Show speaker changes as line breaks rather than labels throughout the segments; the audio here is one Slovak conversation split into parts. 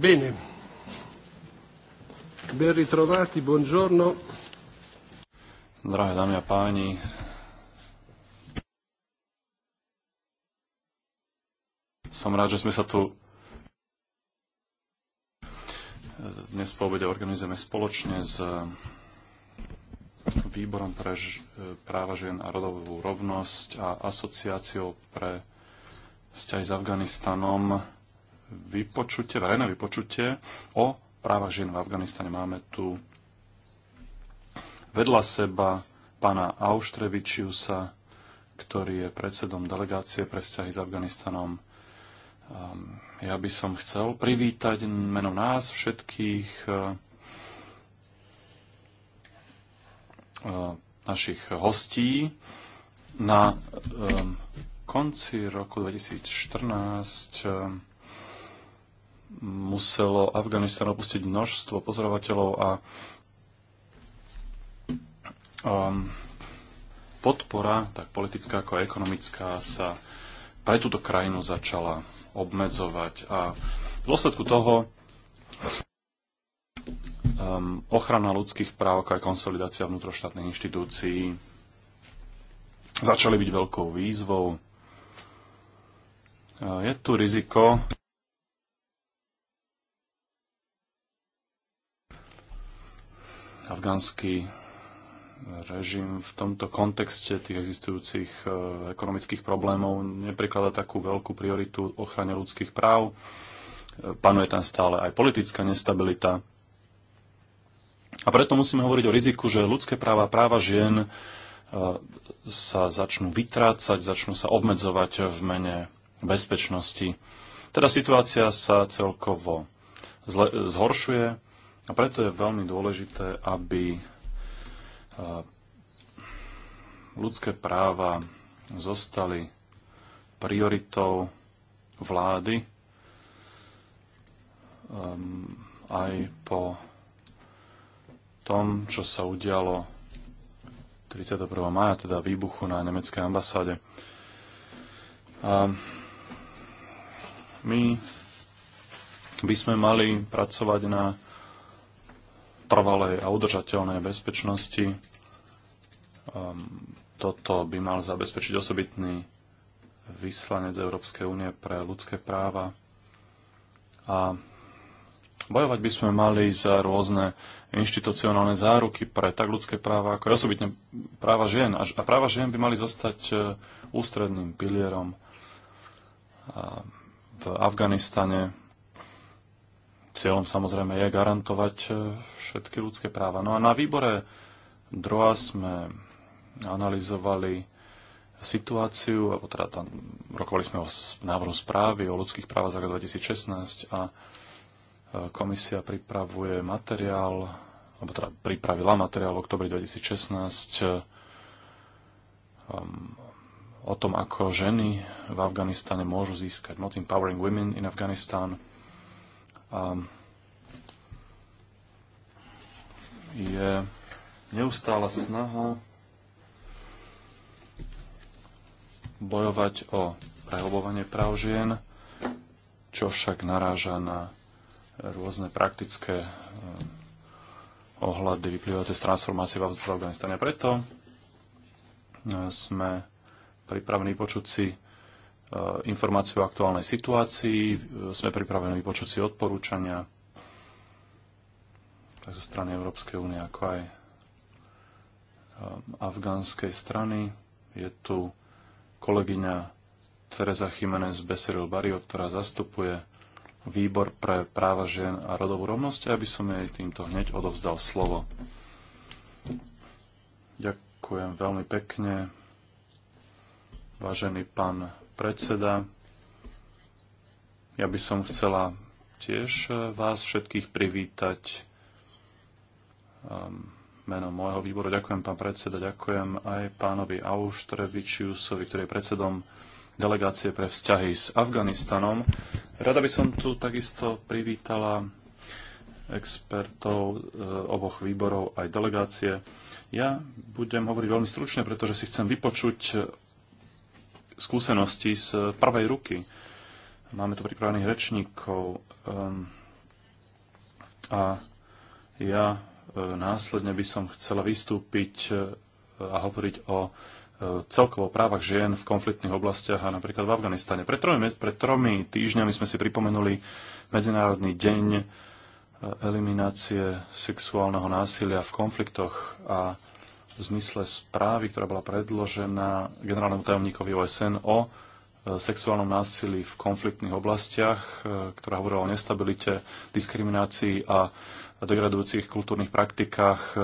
Bene. Ben ritrovati, buongiorno. Drahé dámy a páni, som rád, že sme sa tu dnes po obede organizujeme spoločne s Výborom pre práva žien a rodovú rovnosť a asociáciou pre vzťahy s Afganistanom vypočutie, verejné vypočutie o právach žien v Afganistane. Máme tu vedľa seba pána Auštrevičiusa, ktorý je predsedom delegácie pre vzťahy s Afganistanom. Ehm, ja by som chcel privítať meno nás všetkých e, e, našich hostí na ehm, konci roku 2014 muselo Afganistan opustiť množstvo pozorovateľov a um, podpora, tak politická ako ekonomická, sa pre túto krajinu začala obmedzovať. A v dôsledku toho um, ochrana ľudských práv ako aj konsolidácia vnútroštátnych inštitúcií začali byť veľkou výzvou. Uh, je tu riziko, afgánsky režim v tomto kontexte tých existujúcich e, ekonomických problémov neprikladá takú veľkú prioritu ochrane ľudských práv. E, panuje tam stále aj politická nestabilita. A preto musíme hovoriť o riziku, že ľudské práva, práva žien e, sa začnú vytrácať, začnú sa obmedzovať v mene bezpečnosti. Teda situácia sa celkovo zhoršuje a preto je veľmi dôležité, aby ľudské práva zostali prioritou vlády ehm, aj po tom, čo sa udialo 31. maja, teda výbuchu na nemeckej ambasáde. A ehm, my by sme mali pracovať na trvalej a udržateľnej bezpečnosti. Ehm, toto by mal zabezpečiť osobitný vyslanec Európskej únie pre ľudské práva. A bojovať by sme mali za rôzne inštitucionálne záruky pre tak ľudské práva, ako je osobitne práva žien. A práva žien by mali zostať e, ústredným pilierom. A v Afganistane Cieľom samozrejme je garantovať e, všetky ľudské práva. No a na výbore DROA sme analyzovali situáciu, alebo teda tam rokovali sme o návrhu správy o ľudských právach za rok 2016 a e, komisia pripravuje materiál, alebo teda pripravila materiál v oktobri 2016 e, um, o tom, ako ženy v Afganistane môžu získať moc Empowering Women in Afghanistan a je neustála snaha bojovať o prehlbovanie práv žien, čo však naráža na rôzne praktické e, ohľady vyplývajúce z transformácie v Afganistane. Preto e, sme pripravení počuť si Eh, informácie o aktuálnej situácii, eh, sme pripravení vypočuť si odporúčania tak zo strany Európskej únie, ako aj eh, afgánskej strany. Je tu kolegyňa Teresa Jiménez Beseril Barrio, ktorá zastupuje výbor pre práva žien a rodovú rovnosť, aby som jej týmto hneď odovzdal slovo. Ďakujem veľmi pekne. Vážený pán predseda. Ja by som chcela tiež eh, vás všetkých privítať ehm, menom môjho výboru. Ďakujem, pán predseda, ďakujem aj pánovi Auštrevičiusovi, ktorý je predsedom delegácie pre vzťahy s Afganistanom. Rada by som tu takisto privítala expertov eh, oboch výborov aj delegácie. Ja budem hovoriť veľmi stručne, pretože si chcem vypočuť skúsenosti z prvej ruky. Máme tu pripravených rečníkov um, a ja e, následne by som chcela vystúpiť e, a hovoriť o e, celkovo právach žien v konfliktných oblastiach a napríklad v Afganistane. Pred tromi, pred tromi týždňami sme si pripomenuli Medzinárodný deň eliminácie sexuálneho násilia v konfliktoch a v zmysle správy, ktorá bola predložená generálnemu tajomníkovi OSN o e, sexuálnom násilí v konfliktných oblastiach, e, ktorá hovorila o nestabilite, diskriminácii a degradujúcich kultúrnych praktikách e,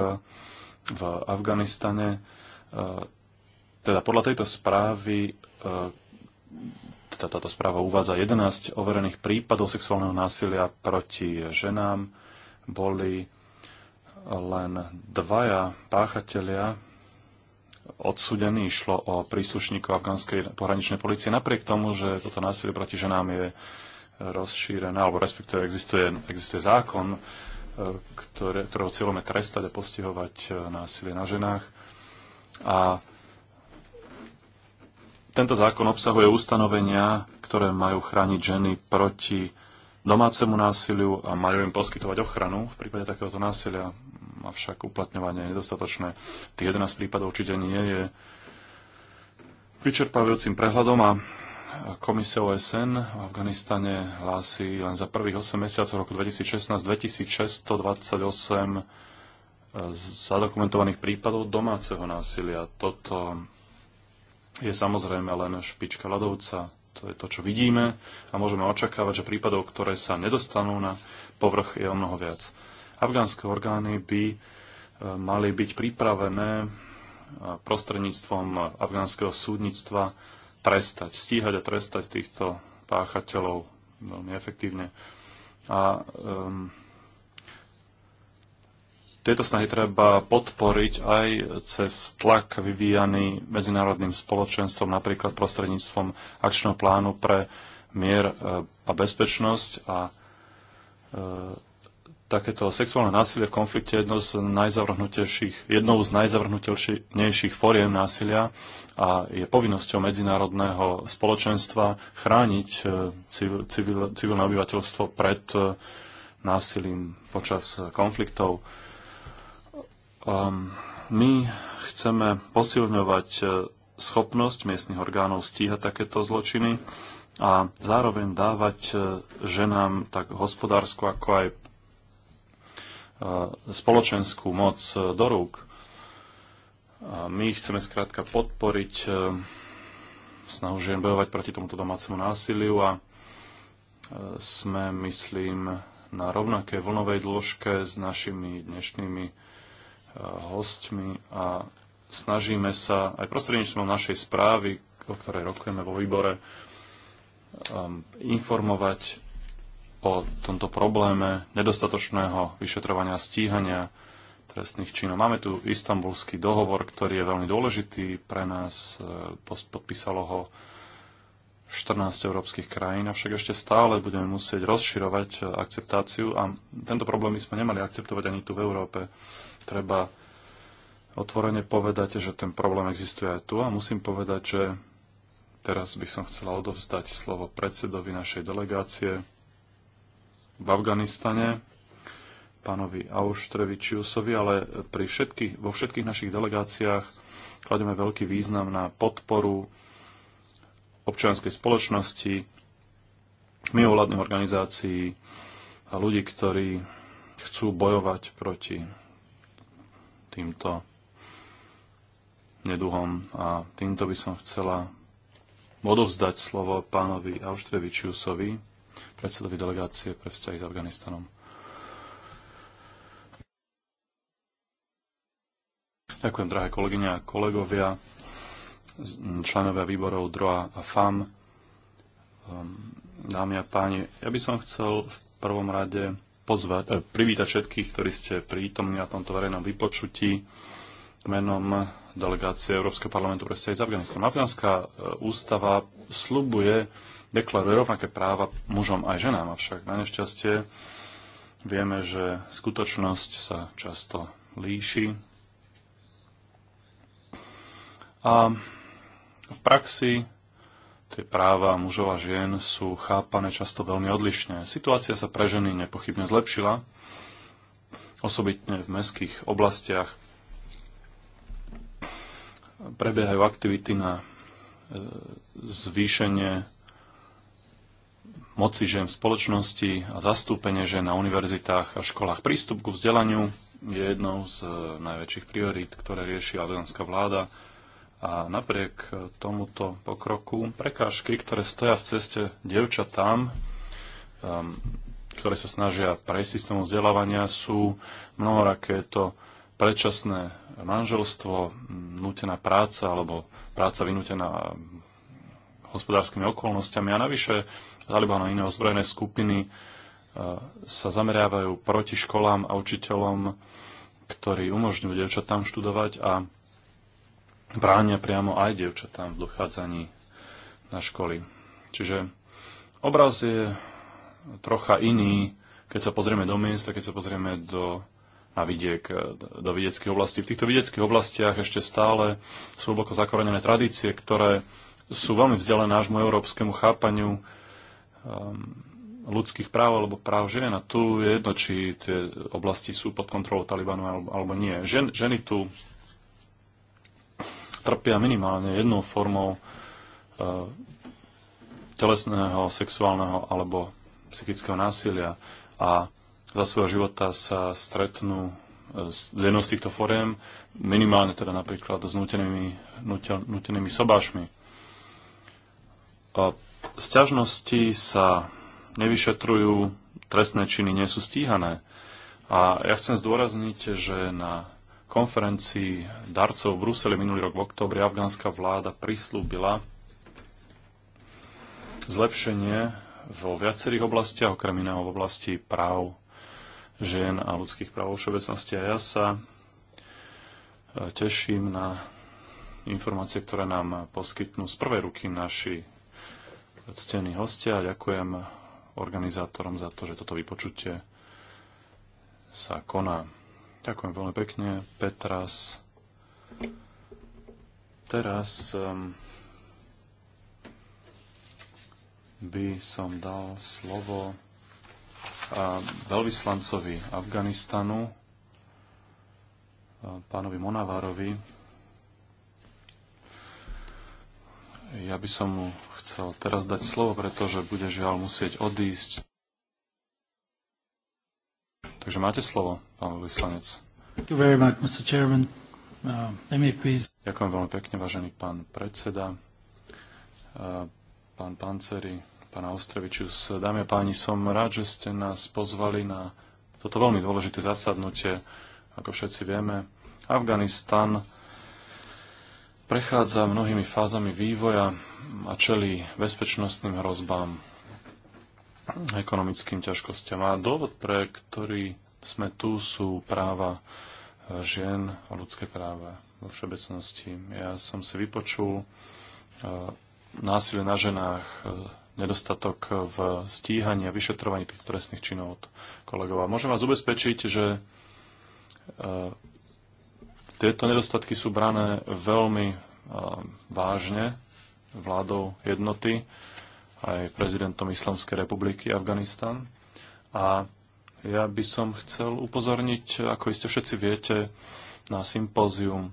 v Afganistane. Teda podľa tejto správy teda táto správa uvádza 11 overených prípadov sexuálneho násilia proti ženám. Boli len dvaja páchatelia odsudení. Išlo o príslušníkov afgánskej pohraničnej policie. Napriek tomu, že toto násilie proti ženám je rozšírené, alebo respektíve existuje, existuje zákon, e, ktoré, ktorého cieľom je trestať a postihovať e, násilie na ženách. A tento zákon obsahuje ustanovenia, ktoré majú chrániť ženy proti domácemu násiliu a majú im poskytovať ochranu v prípade takéhoto násilia avšak uplatňovanie je nedostatočné. Tých 11 prípadov určite nie je vyčerpávajúcim prehľadom a komise OSN v Afganistane hlási len za prvých 8 mesiacov roku 2016 2628 e, zadokumentovaných prípadov domáceho násilia. Toto je samozrejme len špička ľadovca. To je to, čo vidíme a môžeme očakávať, že prípadov, ktoré sa nedostanú na povrch, je o mnoho viac afgánske orgány by e, mali byť pripravené e, prostredníctvom afgánskeho súdnictva trestať, stíhať a trestať týchto páchateľov veľmi efektívne. A um, tieto snahy treba podporiť aj cez tlak vyvíjaný medzinárodným spoločenstvom, napríklad prostredníctvom akčného plánu pre mier e, a bezpečnosť a takéto sexuálne násilie v konflikte je jedno z najzavrhnutejších, jednou z najzavrhnutelnejších foriem násilia a je povinnosťou medzinárodného spoločenstva chrániť e, civil, civil, civilné obyvateľstvo pred e, násilím počas konfliktov. Um, my chceme posilňovať e, schopnosť miestnych orgánov stíhať takéto zločiny a zároveň dávať ženám tak hospodárskú ako aj spoločenskú moc e, do rúk. My chceme skrátka podporiť e, snahu žien bojovať proti tomuto domácemu násiliu a e, sme, myslím, na rovnakej vlnovej dĺžke s našimi dnešnými hostmi a snažíme sa aj prostredníctvom našej správy, o ktorej rokujeme vo výbore, informovať o tomto probléme nedostatočného vyšetrovania a stíhania trestných činov. Máme tu istambulský dohovor, ktorý je veľmi dôležitý pre nás. E, podpísalo ho 14 európskych krajín, avšak ešte stále budeme musieť rozširovať e, akceptáciu a tento problém by sme nemali akceptovať ani tu v Európe. Treba otvorene povedať, že ten problém existuje aj tu a musím povedať, že teraz by som chcela odovzdať slovo predsedovi našej delegácie, v Afganistane, pánovi Auštrevičiusovi, ale pri všetkých, vo všetkých našich delegáciách kladieme veľký význam na podporu občianskej spoločnosti, mimovládnych organizácií a ľudí, ktorí chcú bojovať proti týmto neduhom. A týmto by som chcela odovzdať slovo pánovi Auštrevičiusovi, predsedovi delegácie pre vzťahy s Afganistanom. Ďakujem, drahé kolegyne a kolegovia, členovia výborov DROA a FAM, um, dámy a páni. Ja by som chcel v prvom rade pozvať, eh, privítať všetkých, ktorí ste prítomní na tomto verejnom vypočutí menom delegácie Európskeho parlamentu pre vzťahy s Afganistanom. Afganská e, ústava slubuje deklaruje rovnaké práva mužom aj ženám, avšak na nešťastie vieme, že skutočnosť sa často líši. A v praxi tie práva mužov a žien sú chápané často veľmi odlišne. Situácia sa pre ženy nepochybne zlepšila, osobitne v mestských oblastiach. Prebiehajú aktivity na e, zvýšenie moci žien v spoločnosti a zastúpenie žien na univerzitách a školách. Prístup ku vzdelaniu je jednou z eh, najväčších priorít, ktoré rieši afgánska vláda. A napriek eh, tomuto pokroku prekážky, ktoré stoja v ceste dievčatám, um, ktoré sa snažia prejsť systému vzdelávania, sú mnohoraké to predčasné manželstvo, mm, nutená práca alebo práca vynútená ehm, hospodárskymi okolnostiami a navyše Taliban a iné ozbrojené skupiny e, sa zameriavajú proti školám a učiteľom, ktorí umožňujú dievčatám študovať a bránia priamo aj dievčatám v dochádzaní na školy. Čiže obraz je trocha iný, keď sa pozrieme do miesta, keď sa pozrieme do, na vidiek, e, do vidieckých oblastí. V týchto vidieckých oblastiach ešte stále sú hlboko zakorenené tradície, ktoré sú veľmi vzdialené nášmu európskemu chápaniu Um, ľudských práv alebo práv žien. A tu je jedno, či tie oblasti sú pod kontrolou Talibanu alebo nie. Žen, ženy tu trpia minimálne jednou formou uh, telesného, sexuálneho alebo psychického násilia a za svojho života sa stretnú z uh, jednou z týchto foriem, minimálne teda napríklad s nutenými, nutenými sobášmi. Sťažnosti sa nevyšetrujú, trestné činy nie sú stíhané. A ja chcem zdôrazniť, že na konferencii darcov v Bruseli minulý rok v októbri afgánska vláda prislúbila zlepšenie vo viacerých oblastiach, okrem iného v oblasti práv žien a ľudských práv všeobecnosti. A ja sa e, teším na informácie, ktoré nám poskytnú z prvej ruky naši ctení hostia. Ďakujem organizátorom za to, že toto vypočutie sa koná. Ďakujem veľmi pekne. Petras. Teraz um, by som dal slovo a veľvyslancovi Afganistanu, pánovi Monavárovi, Ja by som mu chcel teraz dať slovo, pretože bude žiaľ musieť odísť. Takže máte slovo, pán vyslanec. Uh, Ďakujem veľmi pekne, vážený pán predseda, uh, pán Panceri, pán Austrevičus. Dámy a páni, som rád, že ste nás pozvali na toto veľmi dôležité zasadnutie. Ako všetci vieme, Afganistan prechádza mnohými fázami vývoja a čelí bezpečnostným hrozbám, ekonomickým ťažkostiam. A dôvod, pre ktorý sme tu, sú práva žien a ľudské práva vo všeobecnosti. Ja som si vypočul e, násilie na ženách, e, nedostatok v stíhaní a vyšetrovaní tých trestných činov od kolegov. A môžem vás ubezpečiť, že e, tieto nedostatky sú brané veľmi eh, vážne vládou jednoty, aj prezidentom Islamskej republiky Afganistan. A ja by som chcel upozorniť, ako iste všetci viete, na sympózium eh,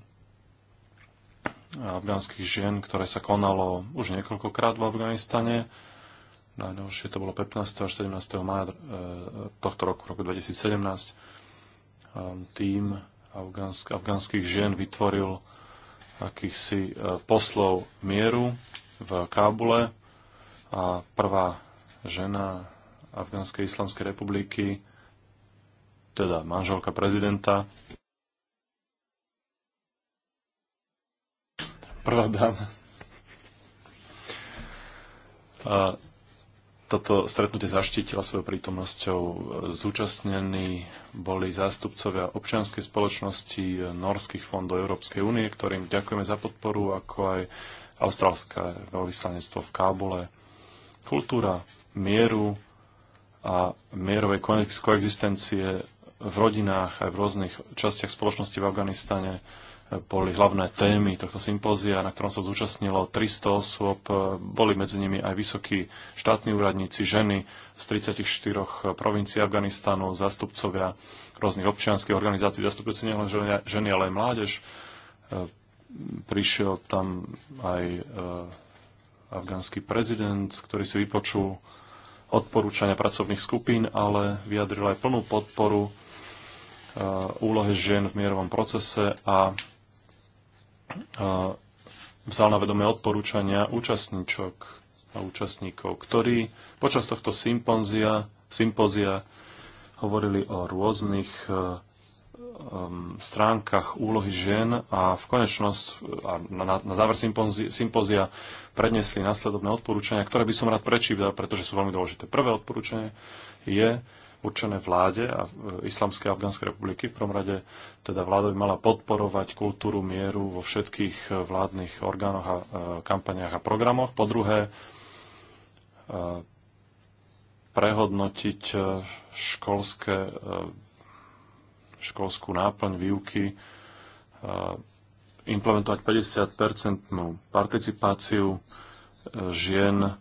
afgánskych žien, ktoré sa konalo už niekoľkokrát v Afganistane. Najnovšie to bolo 15. až 17. maja eh, tohto roku, roku 2017. Ehm, tým afgánsk, afgánskych žien vytvoril akýchsi e, poslov mieru v Kábule a prvá žena Afgánskej islamskej republiky, teda manželka prezidenta, prvá dáma, toto stretnutie zaštítila svojou prítomnosťou. E, zúčastnení boli zástupcovia občianskej spoločnosti e, norských fondov Európskej únie, ktorým ďakujeme za podporu, ako aj austrálske veľvyslanectvo v Kábule. Kultúra mieru a mierovej koexistencie v rodinách aj v rôznych častiach spoločnosti v Afganistane boli hlavné témy tohto sympózia, na ktorom sa zúčastnilo 300 osôb. Boli medzi nimi aj vysokí štátni úradníci, ženy z 34 provincií Afganistanu, zástupcovia rôznych občianských organizácií, zastupujúci nielen ženy, ale aj mládež. E, prišiel tam aj e, afgánsky prezident, ktorý si vypočul odporúčania pracovných skupín, ale vyjadril aj plnú podporu e, úlohe žien v mierovom procese a vzal na vedomé odporúčania účastníčok a účastníkov, ktorí počas tohto sympózia, sympózia hovorili o rôznych e, stránkach úlohy žien a v konečnosť a na, na, na záver sympózia, sympózia predniesli následovné odporúčania, ktoré by som rád prečítal, pretože sú veľmi dôležité. Prvé odporúčanie je určené vláde a e, Islamskej Afganskej republiky. V prvom rade teda vláda by mala podporovať kultúru mieru vo všetkých e, vládnych orgánoch a e, kampaniách a programoch. Po druhé, prehodnotiť školské, školskú náplň výuky, implementovať 50-percentnú participáciu žien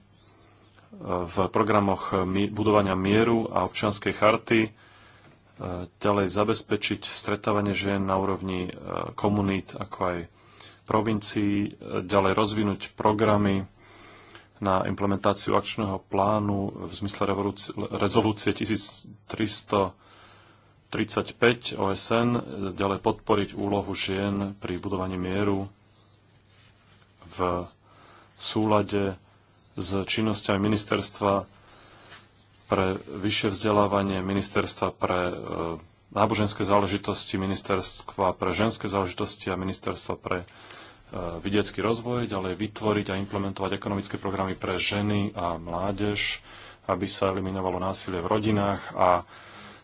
v programoch budovania mieru a občianskej charty e, ďalej zabezpečiť stretávanie žien na úrovni e, komunít, ako aj provincií, e, ďalej rozvinúť programy na implementáciu akčného plánu v zmysle rezolúcie 1335 OSN, ďalej podporiť úlohu žien pri budovaní mieru v súlade s činnosťami ministerstva pre vyššie vzdelávanie, ministerstva pre e, náboženské záležitosti, ministerstva pre ženské záležitosti a ministerstva pre e, vidiecký rozvoj, ďalej vytvoriť a implementovať ekonomické programy pre ženy a mládež, aby sa eliminovalo násilie v rodinách a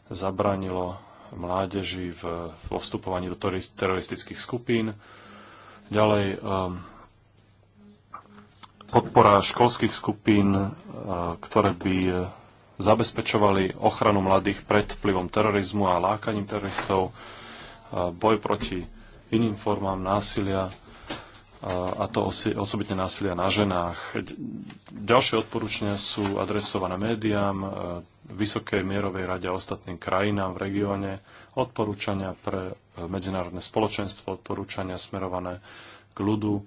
zabránilo mládeži v, vo vstupovaní do teroristických skupín. Ďalej e, podpora školských skupín, ktoré by e, zabezpečovali ochranu mladých pred vplyvom terorizmu a lákaním teroristov, boj proti iným formám násilia, a to osobitne násilia na ženách. Ďalšie odporúčania sú adresované médiám, Vysokej mierovej rade a ostatným krajinám v regióne, odporúčania pre e, medzinárodné spoločenstvo, odporúčania smerované k ľudu,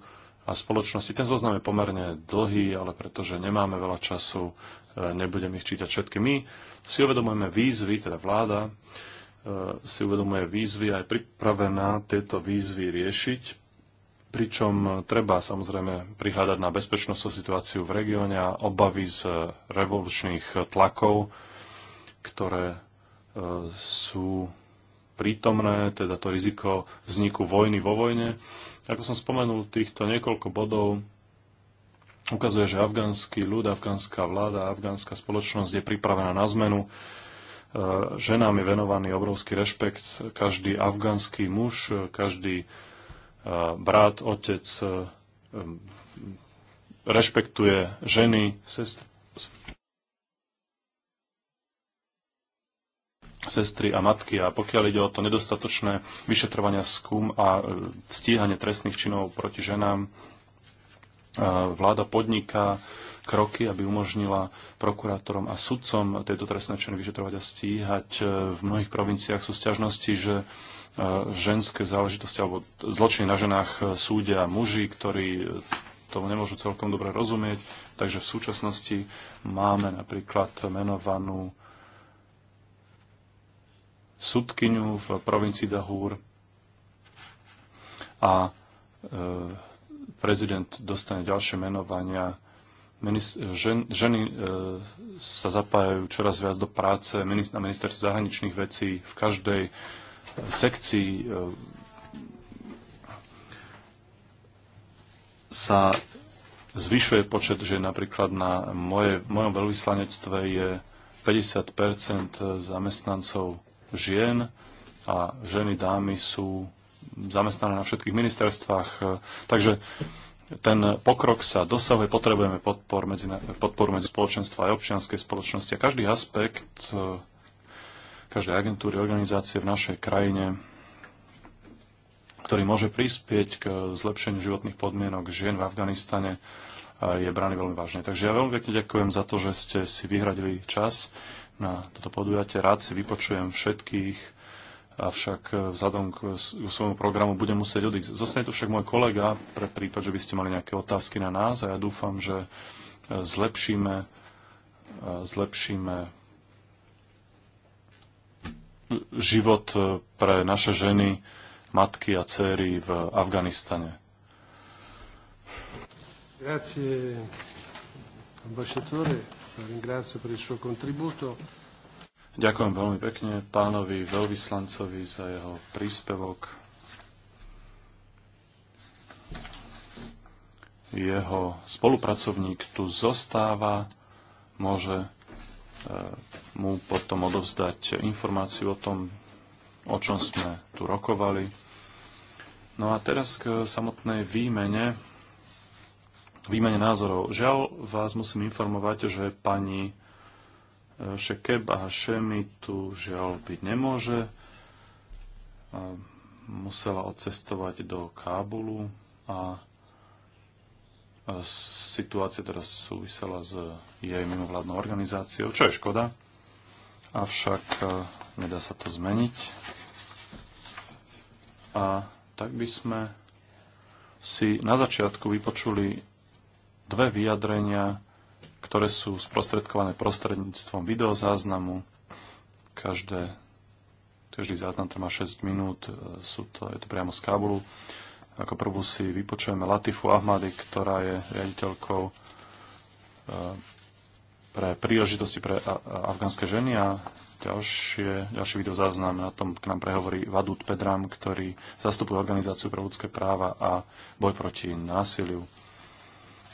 a spoločnosti. Ten zoznam je pomerne dlhý, ale pretože nemáme veľa času, e, nebudem ich čítať všetky. My si uvedomujeme výzvy, teda vláda e, si uvedomuje výzvy a je pripravená tieto výzvy riešiť, pričom treba samozrejme prihľadať na bezpečnostnú situáciu v regióne a obavy z revolučných tlakov, ktoré e, sú prítomné, teda to riziko vzniku vojny vo vojne ako som spomenul, týchto niekoľko bodov ukazuje, že afgánsky ľud, afgánska vláda, afgánska spoločnosť je pripravená na zmenu. E, ženám je venovaný obrovský rešpekt. Každý afgánsky muž, každý e, brat, otec e, rešpektuje ženy, sestry, sestry a matky. A pokiaľ ide o to nedostatočné vyšetrovania skúm a e, stíhanie trestných činov proti ženám, e, vláda podniká kroky, aby umožnila prokurátorom a sudcom tieto trestné činy vyšetrovať a stíhať. E, v mnohých provinciách sú stiažnosti, že ženské záležitosti alebo zločiny na ženách súdia muži, ktorí tomu nemôžu celkom dobre rozumieť. Takže v súčasnosti máme napríklad menovanú sudkyňu v provincii Dahúr a e, prezident dostane ďalšie menovania. Žen, ženy e, sa zapájajú čoraz viac do práce na ministerstve zahraničných vecí v každej sekcii e, sa zvyšuje počet že Napríklad na moje, mojom veľvyslanectve je 50 zamestnancov žien a ženy, dámy sú zamestnané na všetkých ministerstvách. Takže ten pokrok sa dosahuje, potrebujeme podpor medzi, podporu medzi spoločenstva aj občianskej spoločnosti a každý aspekt každej agentúry, organizácie v našej krajine, ktorý môže prispieť k zlepšeniu životných podmienok žien v Afganistane, je braný veľmi vážne. Takže ja veľmi pekne ďakujem za to, že ste si vyhradili čas na toto podujatie. Rád si vypočujem všetkých, avšak vzhľadom k, k svojmu programu budem musieť odísť. Zostane tu však môj kolega pre prípad, že by ste mali nejaké otázky na nás a ja dúfam, že e, zlepšíme, e, zlepšíme e, život pre naše ženy, matky a céry v Afganistane. Grazie, ambasciatore. Ďakujem veľmi pekne pánovi veľvyslancovi za jeho príspevok. Jeho spolupracovník tu zostáva, môže e, mu potom odovzdať informáciu o tom, o čom sme tu rokovali. No a teraz k samotnej výmene výmene názorov. Žiaľ, vás musím informovať, že pani e, Šekeb a Šemi tu žiaľ byť nemôže. E, musela odcestovať do Kábulu a e, situácia teraz súvisela s jej mimovládnou organizáciou, čo je škoda. Avšak nedá sa to zmeniť. A tak by sme si na začiatku vypočuli dve vyjadrenia, ktoré sú sprostredkované prostredníctvom videozáznamu. Každé, každý záznam trvá 6 minút, e, sú to, je to priamo z Kábulu. Ako prvú si vypočujeme Latifu Ahmady, ktorá je riaditeľkou e, pre príležitosti pre afgánske ženy a ďalšie, ďalší videozáznam na tom k nám prehovorí Vadut Pedram, ktorý zastupuje organizáciu pre ľudské práva a boj proti násiliu.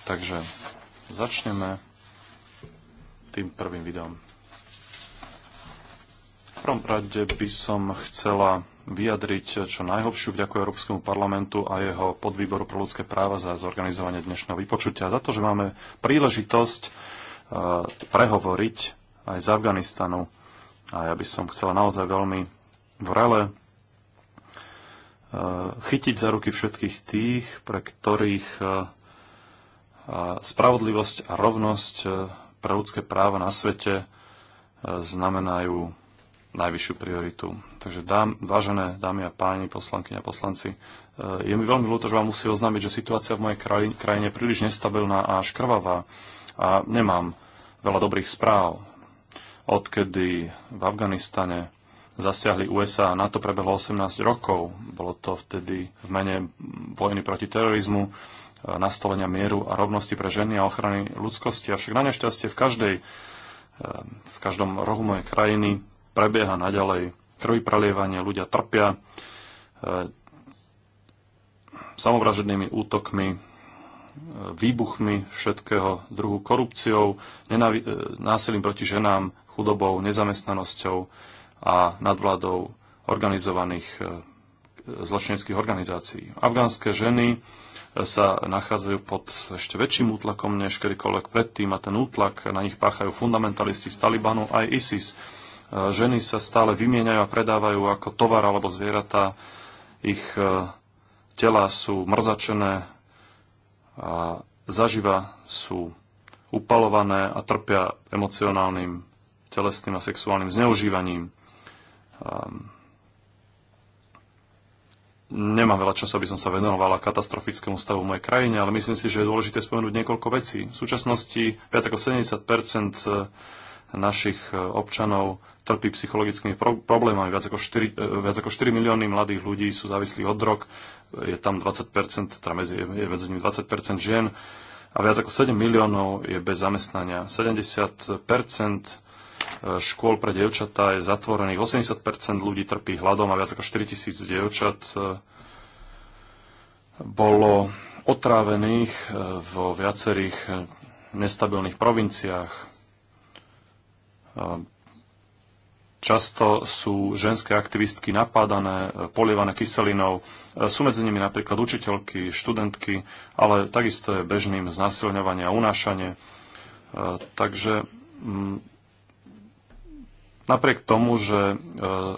Takže začneme tým prvým videom. V prvom rade by som chcela vyjadriť čo najhlbšiu vďaku Európskemu parlamentu a jeho podvýboru pro ľudské práva za zorganizovanie dnešného vypočutia. Za to, že máme príležitosť e, prehovoriť aj z Afganistanu. A ja by som chcela naozaj veľmi vrele e, chytiť za ruky všetkých tých, pre ktorých e, a spravodlivosť a rovnosť e, pre ľudské práva na svete e, znamenajú najvyššiu prioritu. Takže dám, vážené dámy a páni, poslanky a poslanci, e, je mi veľmi ľúto, že vám musí oznámiť, že situácia v mojej krajine je príliš nestabilná a až krvavá a nemám veľa dobrých správ. Odkedy v Afganistane zasiahli USA a NATO prebehlo 18 rokov, bolo to vtedy v mene vojny proti terorizmu, E, nastolenia mieru a rovnosti pre ženy a ochrany ľudskosti. Avšak na nešťastie v, každej, e, v každom rohu mojej krajiny prebieha naďalej krvi prelievanie, ľudia trpia e, samovražednými útokmi, výbuchmi všetkého druhu, korupciou, násilím proti ženám, chudobou, nezamestnanosťou a nadvládou organizovaných zločineckých organizácií. Afgánske ženy sa nachádzajú pod ešte väčším útlakom než kedykoľvek predtým a ten útlak na nich páchajú fundamentalisti z Talibanu aj ISIS. E, ženy sa stále vymieňajú a predávajú ako tovar alebo zvieratá. Ich e, tela sú mrzačené a zaživa sú upalované a trpia emocionálnym, telesným a sexuálnym zneužívaním. Ehm, Nemám veľa času, aby som sa venovala katastrofickému stavu v mojej krajine, ale myslím si, že je dôležité spomenúť niekoľko vecí. V súčasnosti viac ako 70 eh, našich eh, občanov trpí psychologickými pro- problémami. Viac ako, 4, eh, viac ako 4 milióny mladých ľudí sú závislí od drog. Je tam 20%, teda medzi, je medzi nimi 20% žien a viac ako 7 miliónov je bez zamestnania. 70% škôl pre dievčatá je zatvorených. 80 ľudí trpí hladom a viac ako 4 tisíc dievčat e, bolo otrávených e, vo viacerých e, nestabilných provinciách. Často sú ženské aktivistky napádané, polievané kyselinou. Sú medzi nimi napríklad učiteľky, študentky, ale takisto je bežným znásilňovanie a unášanie. Takže mm, Napriek tomu, že e,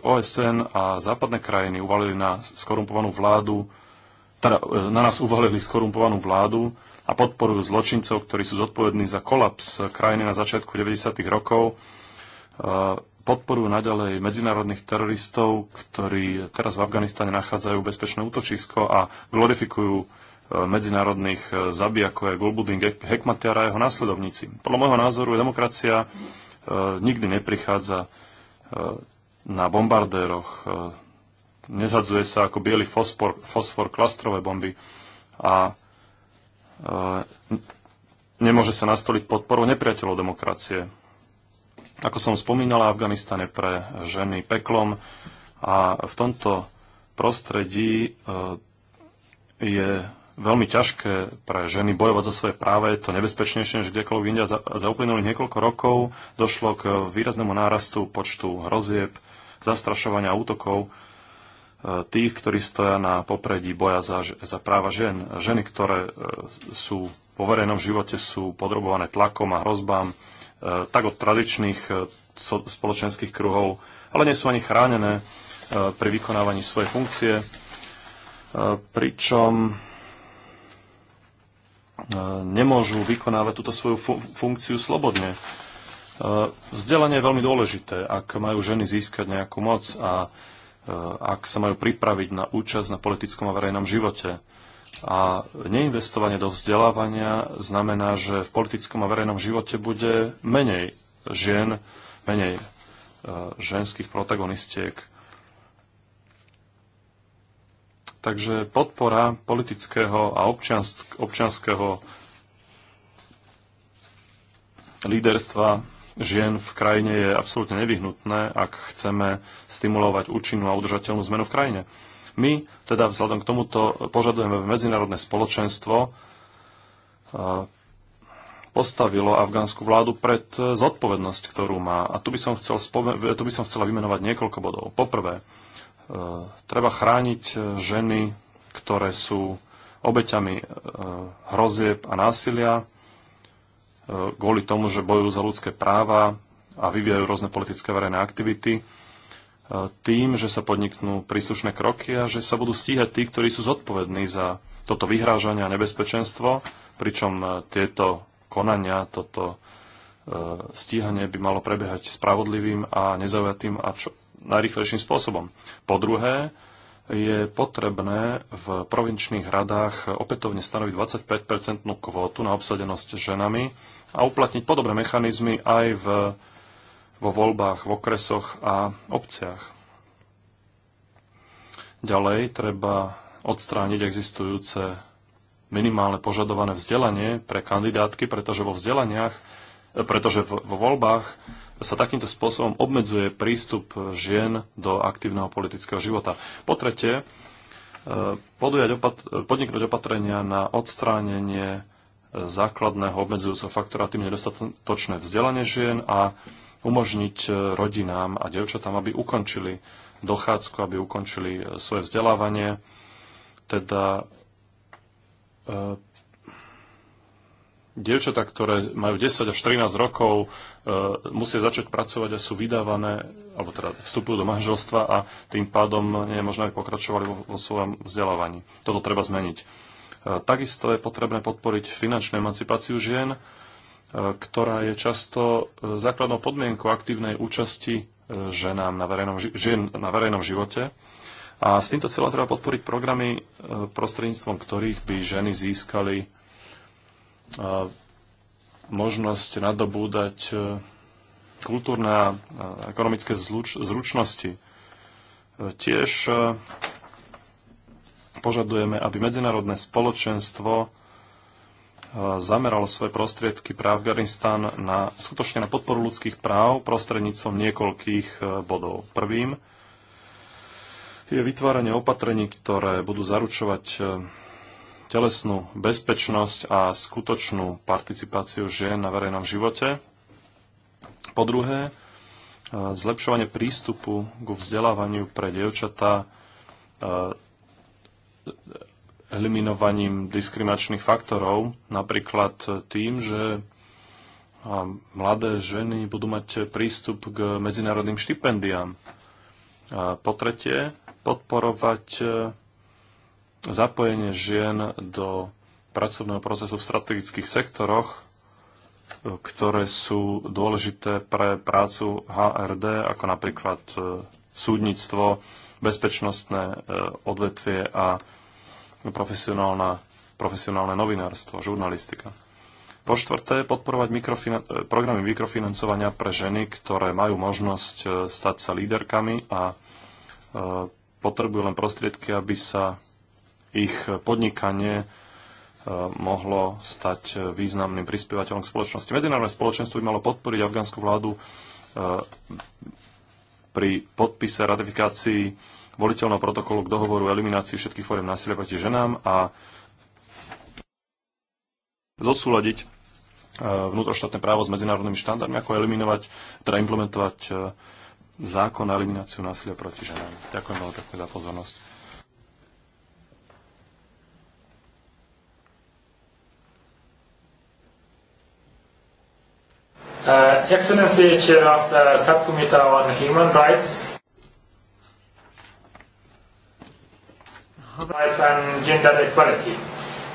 OSN a západné krajiny uvalili na skorumpovanú vládu, teda e, na nás uvalili skorumpovanú vládu a podporujú zločincov, ktorí sú zodpovední za kolaps krajiny na začiatku 90. rokov, e, podporujú naďalej medzinárodných teroristov, ktorí teraz v Afganistane nachádzajú bezpečné útočisko a glorifikujú medzinárodných zabijakov, ako je Gulbuddin Hekmatiara a jeho následovníci. Podľa môjho názoru je demokracia E, nikdy neprichádza e, na bombardéroch, e, nezadzuje sa ako biely fosfor, fosfor klastrové bomby a nemôže sa nastoliť podporu nepriateľov demokracie. Ako som spomínala, Afganistan je pre ženy peklom a v tomto prostredí je veľmi ťažké pre ženy bojovať za svoje práve, je to nebezpečnejšie než kdekoľvek india. Za, za uplynulých niekoľko rokov došlo k výraznému nárastu počtu hrozieb, zastrašovania útokov e, tých, ktorí stoja na popredí boja za, za práva žien. Ženy, ktoré e, sú vo verejnom živote, sú podrobované tlakom a hrozbám e, tak od tradičných spoločenských kruhov, ale nie sú ani chránené pri vykonávaní svojej funkcie. Pričom E, nemôžu vykonávať túto svoju funkciu slobodne. E, vzdelanie je veľmi dôležité, ak majú ženy získať nejakú moc a e, ak sa majú pripraviť na účasť na politickom a verejnom živote. A neinvestovanie do vzdelávania znamená, že v politickom a verejnom živote bude menej žien, menej ženských protagonistiek. Takže podpora politického a občiansk- občianského líderstva žien v krajine je absolútne nevyhnutné, ak chceme stimulovať účinnú a udržateľnú zmenu v krajine. My teda vzhľadom k tomuto požadujeme medzinárodné spoločenstvo e, postavilo afgánsku vládu pred zodpovednosť, ktorú má. A tu by som, chcel spome- tu by som chcela vymenovať niekoľko bodov. Poprvé, E, treba chrániť e, ženy, ktoré sú obeťami e, hrozieb a násilia kvôli tomu, že bojujú za ľudské práva a vyvíjajú rôzne politické verejné aktivity tým, že sa podniknú príslušné kroky a že sa budú stíhať tí, ktorí sú zodpovední za toto vyhrážanie a nebezpečenstvo, pričom tieto konania, toto stíhanie by malo prebiehať spravodlivým a nezaujatým a čo, najrychlejším spôsobom. Po druhé, je potrebné v provinčných radách opätovne stanoviť 25-percentnú kvótu na obsadenosť ženami a uplatniť podobné mechanizmy aj v, vo voľbách v okresoch a obciach. Ďalej treba odstrániť existujúce minimálne požadované vzdelanie pre kandidátky, pretože vo vzdelaniach, pretože vo voľbách sa takýmto spôsobom obmedzuje prístup žien do aktívneho politického života. Po tretie, e, opat- podniknúť opatrenia na odstránenie e, základného obmedzujúceho faktora, tým nedostatočné vzdelanie žien a umožniť e, rodinám a devčatám, aby ukončili dochádzku, aby ukončili svoje vzdelávanie, teda dievčatá, ktoré majú 10 až 13 rokov, e, musia začať pracovať a sú vydávané, alebo teda vstupujú do manželstva a tým pádom nie je možné, aby pokračovali vo, vo svojom vzdelávaní. Toto treba zmeniť. E, takisto je potrebné podporiť finančnú emancipáciu žien, e, ktorá je často e, základnou podmienkou aktívnej účasti e, ženám na verejnom, žien na verejnom živote. A s týmto celom treba podporiť programy, e, prostredníctvom ktorých by ženy získali možnosť nadobúdať e, kultúrne a ekonomické zručnosti. E, tiež e, požadujeme, aby medzinárodné spoločenstvo zameralo svoje prostriedky pre Afganistan na, skutočne na podporu ľudských práv prostredníctvom niekoľkých bodov. Prvým je vytváranie opatrení, ktoré budú zaručovať telesnú bezpečnosť a skutočnú participáciu žien na verejnom živote. Po druhé, e, zlepšovanie prístupu k vzdelávaniu pre dievčatá e, eliminovaním diskriminačných faktorov, napríklad tým, že e, mladé ženy budú mať prístup k medzinárodným štipendiám. Po tretie, podporovať zapojenie žien do pracovného procesu v strategických sektoroch, ktoré sú dôležité pre prácu HRD, ako napríklad e, súdnictvo, bezpečnostné e, odvetvie a profesionálne novinárstvo, žurnalistika. Po štvrté, podporovať mikrofina- e, programy mikrofinancovania pre ženy, ktoré majú možnosť stať sa líderkami a potrebujú len prostriedky, aby sa ich podnikanie e, mohlo stať e, významným prispievateľom k spoločnosti. Medzinárodné spoločenstvo by malo podporiť afgánsku vládu e, pri podpise ratifikácii voliteľného protokolu k dohovoru o eliminácii všetkých fóriem násilia proti ženám a zosúľadiť vnútroštátne právo s medzinárodnými štandardmi, ako eliminovať, teda implementovať zákon na elimináciu násilia proti ženám. Ďakujem veľmi pekne za pozornosť. Uh, Excellency Chair of the Subcommittee on Human Rights, Rights and Gender Equality.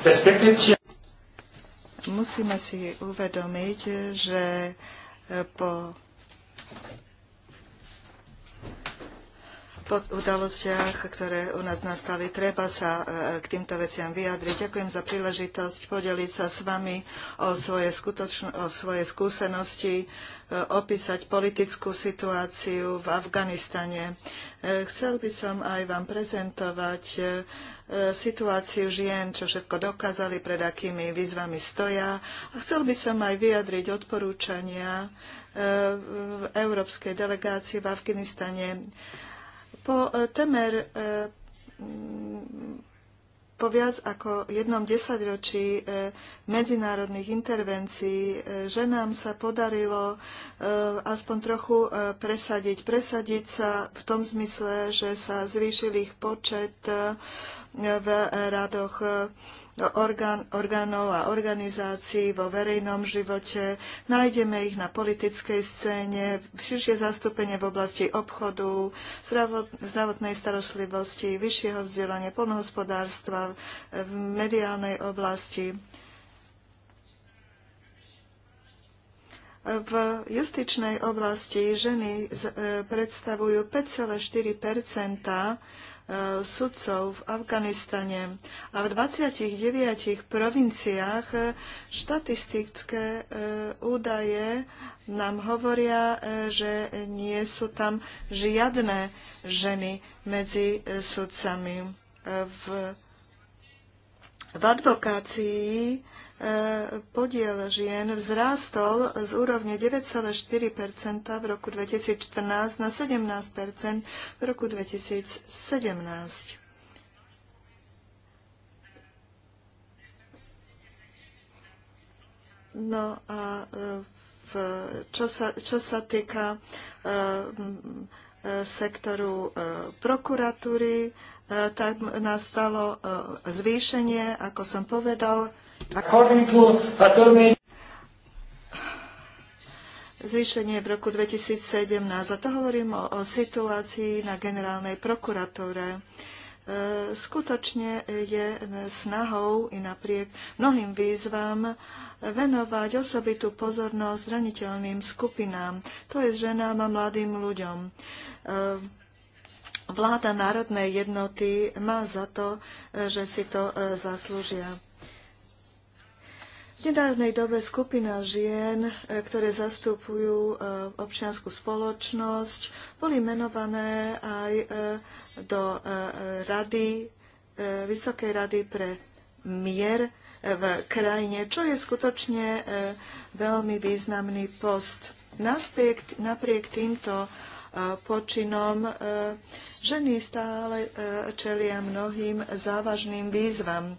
Respected Chair.
Musíme si uvedomiť, že eh, po po udalostiach, ktoré u nás nastali. Treba sa e, k týmto veciam vyjadriť. Ďakujem za príležitosť podeliť sa s vami o svoje, skutočno, o svoje skúsenosti, e, opísať politickú situáciu v Afganistane. E, chcel by som aj vám prezentovať situáciu žien, čo všetko dokázali, pred akými výzvami stoja. A chcel by som aj vyjadriť odporúčania v európskej delegácii v Afganistane po e, temer e, po viac ako jednom desaťročí e, medzinárodných intervencií ženám sa podarilo aspoň trochu presadiť. Presadiť sa v tom zmysle, že sa zvýšil ich počet v radoch orgán, orgánov a organizácií vo verejnom živote. Nájdeme ich na politickej scéne, širšie zastúpenie v oblasti obchodu, zdravot, zdravotnej starostlivosti, vyššieho vzdelania, polnohospodárstva, v mediálnej oblasti. V justičnej oblasti ženy e, predstavujú 5,4 sudcov v Afganistane. A v 29 provinciách e, štatistické e, údaje nám hovoria, e, že nie sú tam žiadne ženy medzi sudcami. V, v advokácii E, podiel žien vzrástol z úrovne 9,4 v roku 2014 na 17 v roku 2017. No a e, v, čo, sa, čo sa týka e, sektoru prokuratúry, tak nastalo zvýšenie, ako som povedal, zvýšenie v roku 2017. A to hovorím o, o situácii na generálnej prokuratúre. E, skutočne je snahou i napriek mnohým výzvam venovať osobitú pozornosť zraniteľným skupinám, to je ženám a mladým ľuďom. E, Vláda národnej jednoty má za to, e, že si to e, zaslúžia nedávnej dobe skupina žien, e, ktoré zastupujú e, občianskú spoločnosť, boli menované aj e, do rady, Vysokej rady pre mier v krajine, čo je skutočne veľmi významný post. Napriek, napriek týmto počinom ženy stále čelia mnohým závažným výzvam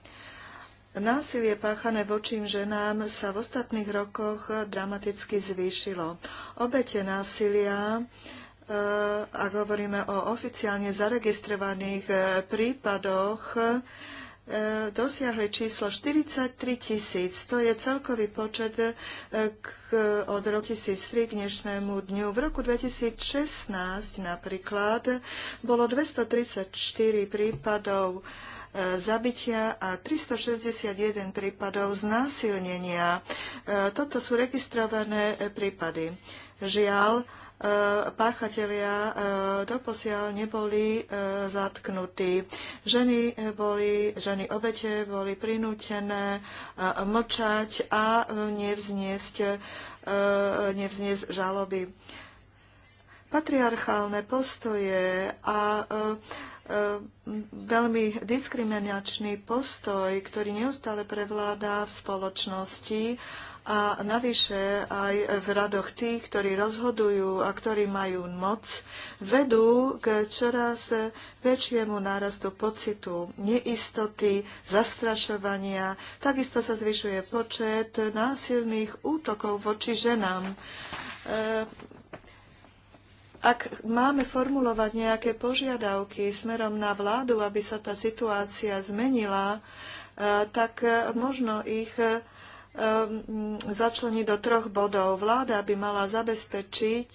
Násilie páchané vočím ženám sa v ostatných rokoch dramaticky zvýšilo. Obete násilia eh, ak hovoríme o oficiálne zaregistrovaných eh, prípadoch, eh, dosiahli číslo 43 tisíc. To je celkový počet od roku 2003 k dnešnému dňu. V roku 2016 napríklad bolo 234 prípadov zabitia a 361 prípadov znásilnenia. E, toto sú registrované prípady. Žiaľ, e, páchatelia e, doposiaľ neboli zatknutí. Ženy, boli, ženy obete boli prinútené mlčať a nevzniesť, nevzniesť žaloby. Patriarchálne postoje a E, veľmi diskriminačný postoj, ktorý neustále prevládá v spoločnosti a navyše aj v radoch tých, ktorí rozhodujú a ktorí majú moc, vedú k čoraz väčšiemu nárastu pocitu neistoty, zastrašovania. Takisto sa zvyšuje počet násilných útokov voči ženám e, ak máme formulovať nejaké požiadavky smerom na vládu, aby sa tá situácia zmenila, e, tak e, možno ich e, začleniť do troch bodov. Vláda by mala zabezpečiť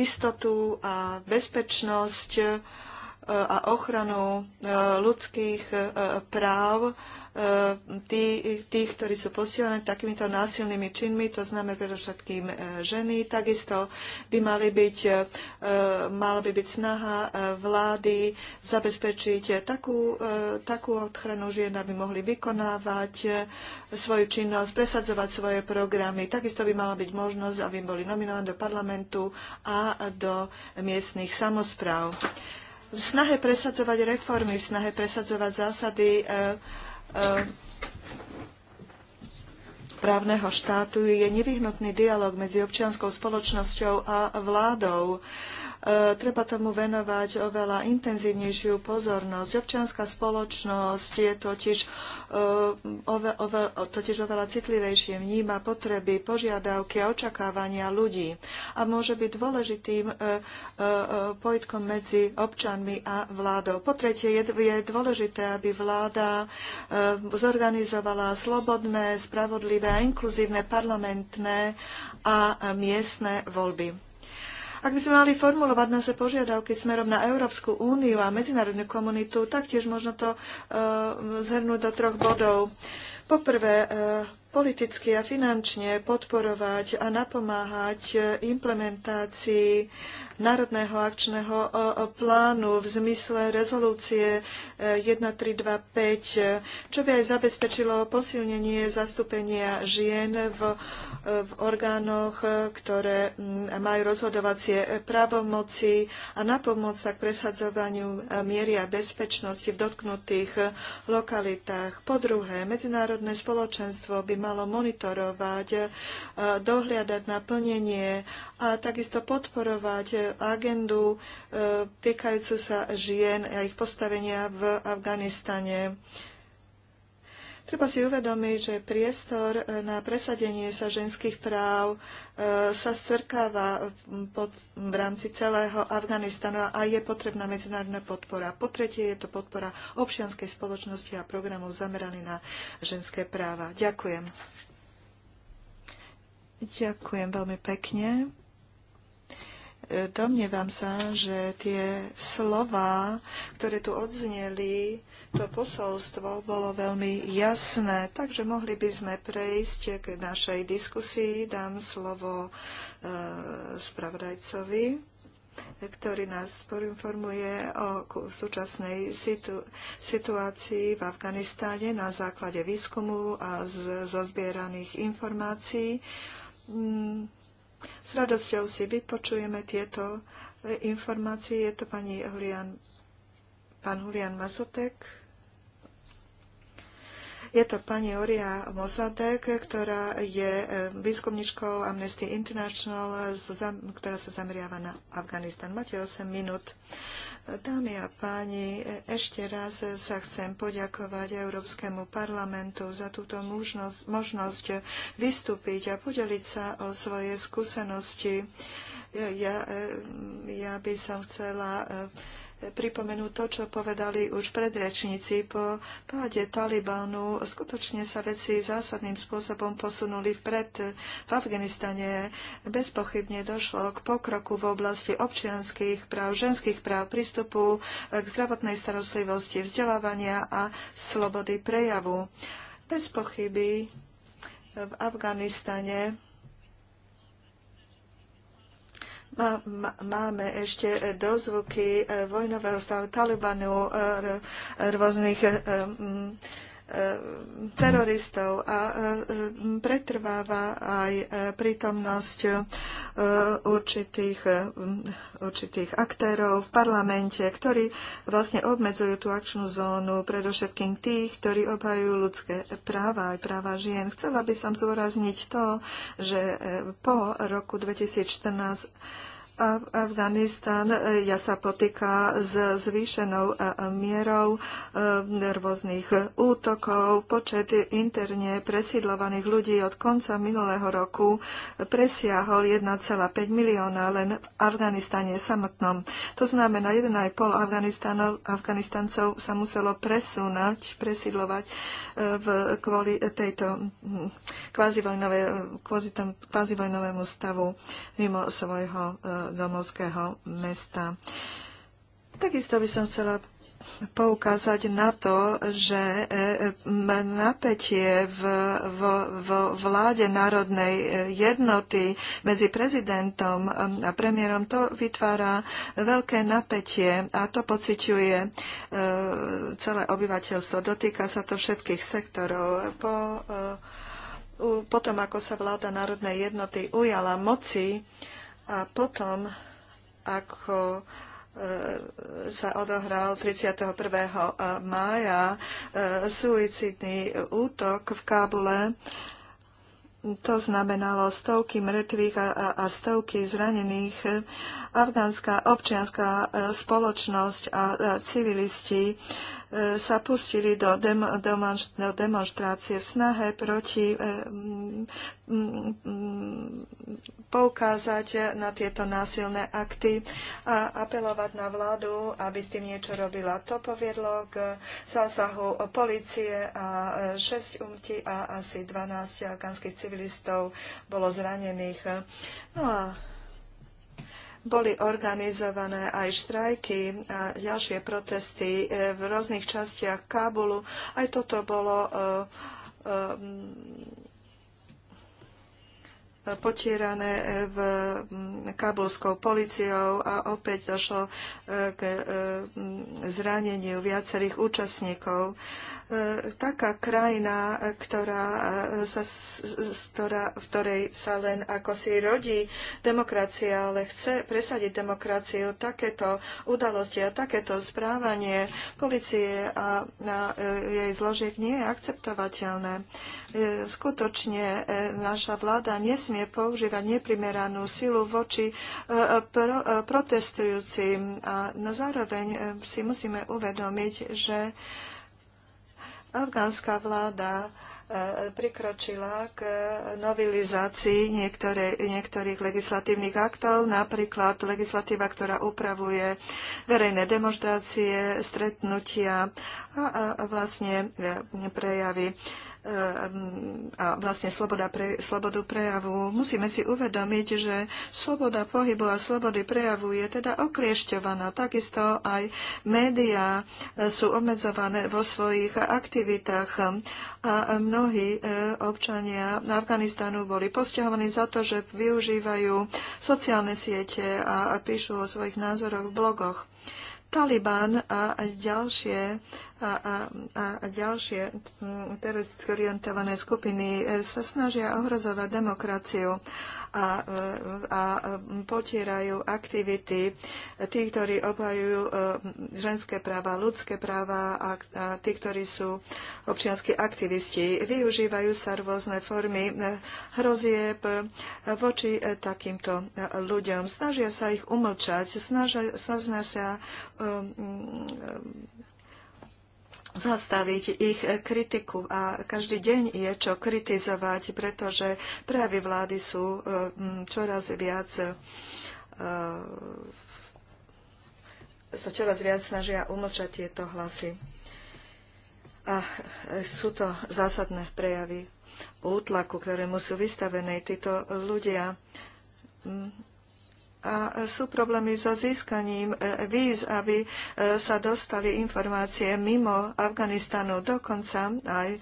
istotu a bezpečnosť a ochranu ľudských práv E, tí, tých, ktorí sú posilné takýmito násilnými činmi, to znamená predovšetkým e, ženy. Takisto by mali byť, e, mala by byť snaha vlády zabezpečiť takú, takú ochranu žien, aby mohli vykonávať svoju činnosť, presadzovať svoje programy. Takisto by mala byť možnosť, aby boli nominované do parlamentu a do miestnych samozpráv. V snahe presadzovať reformy, v snahe presadzovať zásady e, E, právneho štátu je nevyhnutný dialog medzi občianskou spoločnosťou a vládou. E, treba tomu venovať oveľa intenzívnejšiu pozornosť. Občianská spoločnosť je totiž, e, ove, ove, totiž oveľa citlivejšie vníma potreby, požiadavky a očakávania ľudí a môže byť dôležitým e, pojitkom medzi občanmi a vládou. Po tretie, je, je dôležité, aby vláda zorganizovala slobodné, spravodlivé a inkluzívne parlamentné a miestne voľby. Ak by sme mali formulovať naše požiadavky smerom na Európsku úniu a medzinárodnú komunitu, taktiež možno to e, zhrnúť do troch bodov. Poprvé, e, politicky a finančne podporovať a napomáhať implementácii Národného akčného plánu v zmysle rezolúcie 1325, e, e, čo by aj zabezpečilo posilnenie zastúpenia žien v, e, v orgánoch, ktoré mm, majú rozhodovacie právomoci a napomoc sa k presadzovaniu miery a bezpečnosti v dotknutých lokalitách. Po druhé, medzinárodné spoločenstvo by malo monitorovať, dohliadať na plnenie a takisto podporovať agendu e, týkajúcu sa žien a ich postavenia v Afganistane. Treba si uvedomiť, že priestor e, na presadenie sa ženských práv e, sa strkáva pod, v rámci celého Afganistanu a je potrebná medzinárodná podpora. Po tretie je to podpora občianskej spoločnosti a programov zameraných na ženské práva. Ďakujem. Ďakujem veľmi pekne domnievam sa, že tie slova, ktoré tu odzneli, to posolstvo bolo veľmi jasné, takže mohli by sme prejsť k našej diskusii. Dám slovo e, spravodajcovi, ktorý nás poinformuje o súčasnej situ- situácii v Afganistáne na základe výskumu a z- zozbieraných informácií. Mm s radosťou si vypočujeme tieto e, informácie. Je to pani Hulian, pán Hulian Mazotek. Je to pani Oria Mozadek, ktorá je e, výskumničkou Amnesty International, ktorá sa zameriava na Afganistan. Máte 8 minút. Dámy a páni, ešte raz sa chcem poďakovať Európskemu parlamentu za túto možnosť, možnosť vystúpiť a podeliť sa o svoje skúsenosti. Ja, ja by som chcela pripomenú to, čo povedali už predrečníci. Po páde Talibanu skutočne sa veci zásadným spôsobom posunuli vpred. V Afganistane bezpochybne došlo k pokroku v oblasti občianských práv, ženských práv, prístupu k zdravotnej starostlivosti, vzdelávania a slobody prejavu. Bez pochyby v Afganistane máme ešte dozvuky eh, vojnového stavu Talibanu, eh, rôznych eh, mm, Eh, teroristov a eh, pretrváva aj eh, prítomnosť určitých, určitých aktérov v parlamente, ktorí vlastne obmedzujú tú akčnú zónu, predovšetkým tých, ktorí obhajujú ľudské práva aj práva žien. Chcela by som zúrazniť to, že po roku 2014 Afganistan e, ja sa potýka s zvýšenou e, mierou e, rôznych útokov. Počet interne presídlovaných ľudí od konca minulého roku presiahol 1,5 milióna len v Afganistane samotnom. To znamená, 1,5 Afganistancov sa muselo presunúť, presídlovať v, kvôli tejto hm, kvázivojnovému stavu mimo svojho domovského mesta. Takisto by som chcela poukázať na to, že e, e, napätie v, v, v vláde národnej e, jednoty medzi prezidentom a premiérom to vytvára veľké napätie a to pociťuje celé obyvateľstvo. Dotýka sa to všetkých sektorov. Po, potom, ako sa vláda národnej jednoty ujala moci, a potom, ako e, sa odohral 31. E, mája e, suicidný útok v Kábule. To znamenalo stovky mŕtvych a, a, a stovky zranených. Afgánska občianská spoločnosť a, a civilisti sa pustili do, dem, do demonstrácie v snahe proti eh, mm, mm, poukázať na tieto násilné akty a apelovať na vládu, aby s tým niečo robila. To poviedlo k zásahu policie a 6 eh, umtí a asi 12 afgánskych civilistov bolo zranených. No a boli organizované aj štrajky a ďalšie protesty e, v rôznych častiach Kábulu. Aj toto bolo e, e, potierané v kabulskou policiou a opäť došlo k zraneniu viacerých účastníkov. E, taká krajina, e, ktorá e, sa, ktorá, v ktorej sa len ako si rodí demokracia, ale chce presadiť demokraciu, takéto udalosti a takéto správanie policie a, na jej zložiek nie je akceptovateľné. Skutočne naša vláda nesmie používať neprimeranú silu voči pro, protestujúcim a na zároveň si musíme uvedomiť, že afgánska vláda e, prikročila k novelizácii niektorých legislatívnych aktov, napríklad legislatíva, ktorá upravuje verejné demonstrácie, stretnutia a vlastne e, prejavy a vlastne sloboda pre, slobodu prejavu. Musíme si uvedomiť, že sloboda pohybu a slobody prejavu je teda okliešťovaná. Takisto aj médiá e, sú obmedzované vo svojich aktivitách a mnohí e, občania Afganistanu boli postihovaní za to, že využívajú sociálne siete a píšu o svojich názoroch v blogoch. Taliban a ďalšie, a, a, a ďalšie mm, teroristicky orientované skupiny e, sa snažia ohrozovať demokraciu a, a potierajú aktivity tých, ktorí obhajujú e, ženské práva, ľudské práva a, a tí, ktorí sú občianskí aktivisti. Využívajú sa rôzne formy e, hrozieb e, voči takýmto ľuďom. Snažia sa ich umlčať, snažia, snažia sa um, zastaviť ich kritiku. A každý deň je čo kritizovať, pretože právy vlády sú e, čoraz viac e, sa čoraz viac snažia umlčať tieto hlasy. A sú to zásadné prejavy útlaku, ktorému sú vystavené títo ľudia a e, sú problémy so získaním e, víz, aby e, sa dostali informácie mimo Afganistanu. Dokonca aj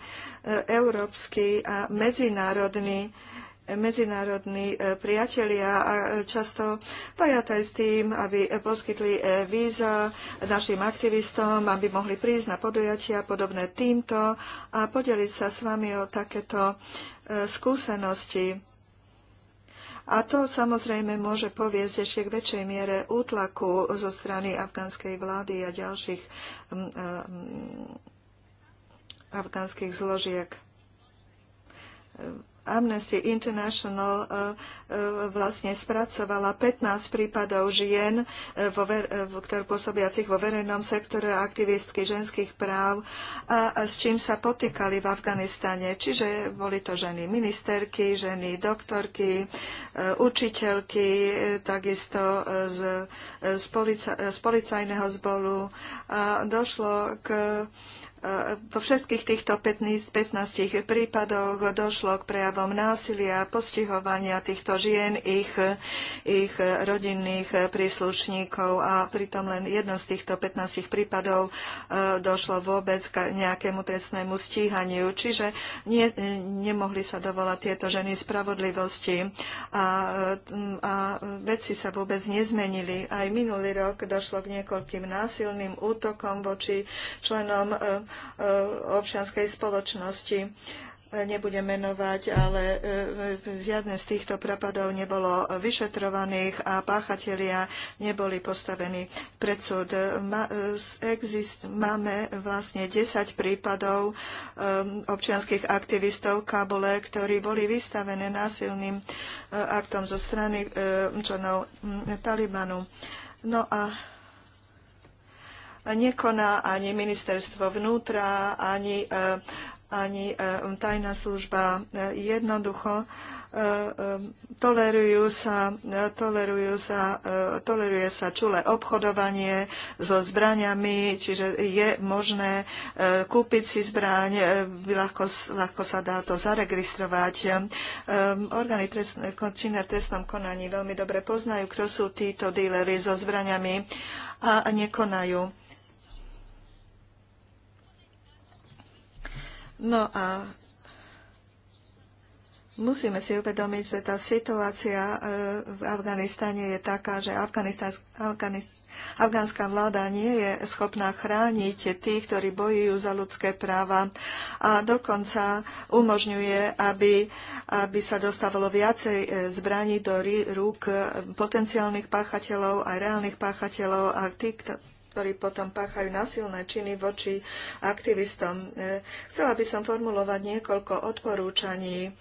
európsky a medzinárodní medzinárodní priatelia a často pojaté s tým, aby poskytli víza našim aktivistom, aby mohli prísť na podujatia podobné týmto a podeliť sa s vami o takéto skúsenosti a to samozrejme môže poviesť ešte k väčšej miere útlaku zo strany afgánskej vlády a ďalších mm, eh, mm, afgánskych zložiek Amnesty International e, e, vlastne spracovala 15 prípadov žien, e, vo, ktoré pôsobiacich vo verejnom sektore aktivistky ženských práv a, a s čím sa potýkali v Afganistane. Čiže boli to ženy ministerky, ženy doktorky, učiteľky, takisto z, z, polica, z policajného zbolu. A došlo k E, vo všetkých týchto 15 prípadoch došlo k prejavom násilia, postihovania týchto žien, ich, ich rodinných príslušníkov a pritom len jedno z týchto 15 prípadov e, došlo vôbec k nejakému trestnému stíhaniu. Čiže nie, nemohli sa dovolať tieto ženy spravodlivosti a, a veci sa vôbec nezmenili. Aj minulý rok došlo k niekoľkým násilným útokom voči členom e, Eh, občianskej spoločnosti nebudem menovať, ale eh, žiadne z týchto prepadov nebolo vyšetrovaných a páchatelia neboli postavení pred súd. Eh, máme vlastne 10 prípadov občianských aktivistov v Kabule, ktorí boli vystavené násilným aktom zo strany členov hm, Talibanu. No a nekoná ani ministerstvo vnútra, ani, eh, ani eh, tajná služba. Jednoducho eh, tolerujú sa, tolerujú sa, toleruje sa čulé obchodovanie so zbraniami, čiže je možné kúpiť si zbraň, ľahko, ľahko sa dá to zaregistrovať. Orgány trestné, činné v trestnom konaní veľmi dobre poznajú, kto sú títo dílery so zbraniami a nekonajú. No a musíme si uvedomiť, že tá situácia e, v Afganistane je taká, že afgánska vláda nie je schopná chrániť tých, ktorí bojujú za ľudské práva a dokonca umožňuje, aby, aby sa dostávalo viacej e, zbraní do rúk e, potenciálnych páchateľov aj reálnych páchateľov a tí, ktorí potom páchajú násilné činy voči aktivistom. E, chcela by som formulovať niekoľko odporúčaní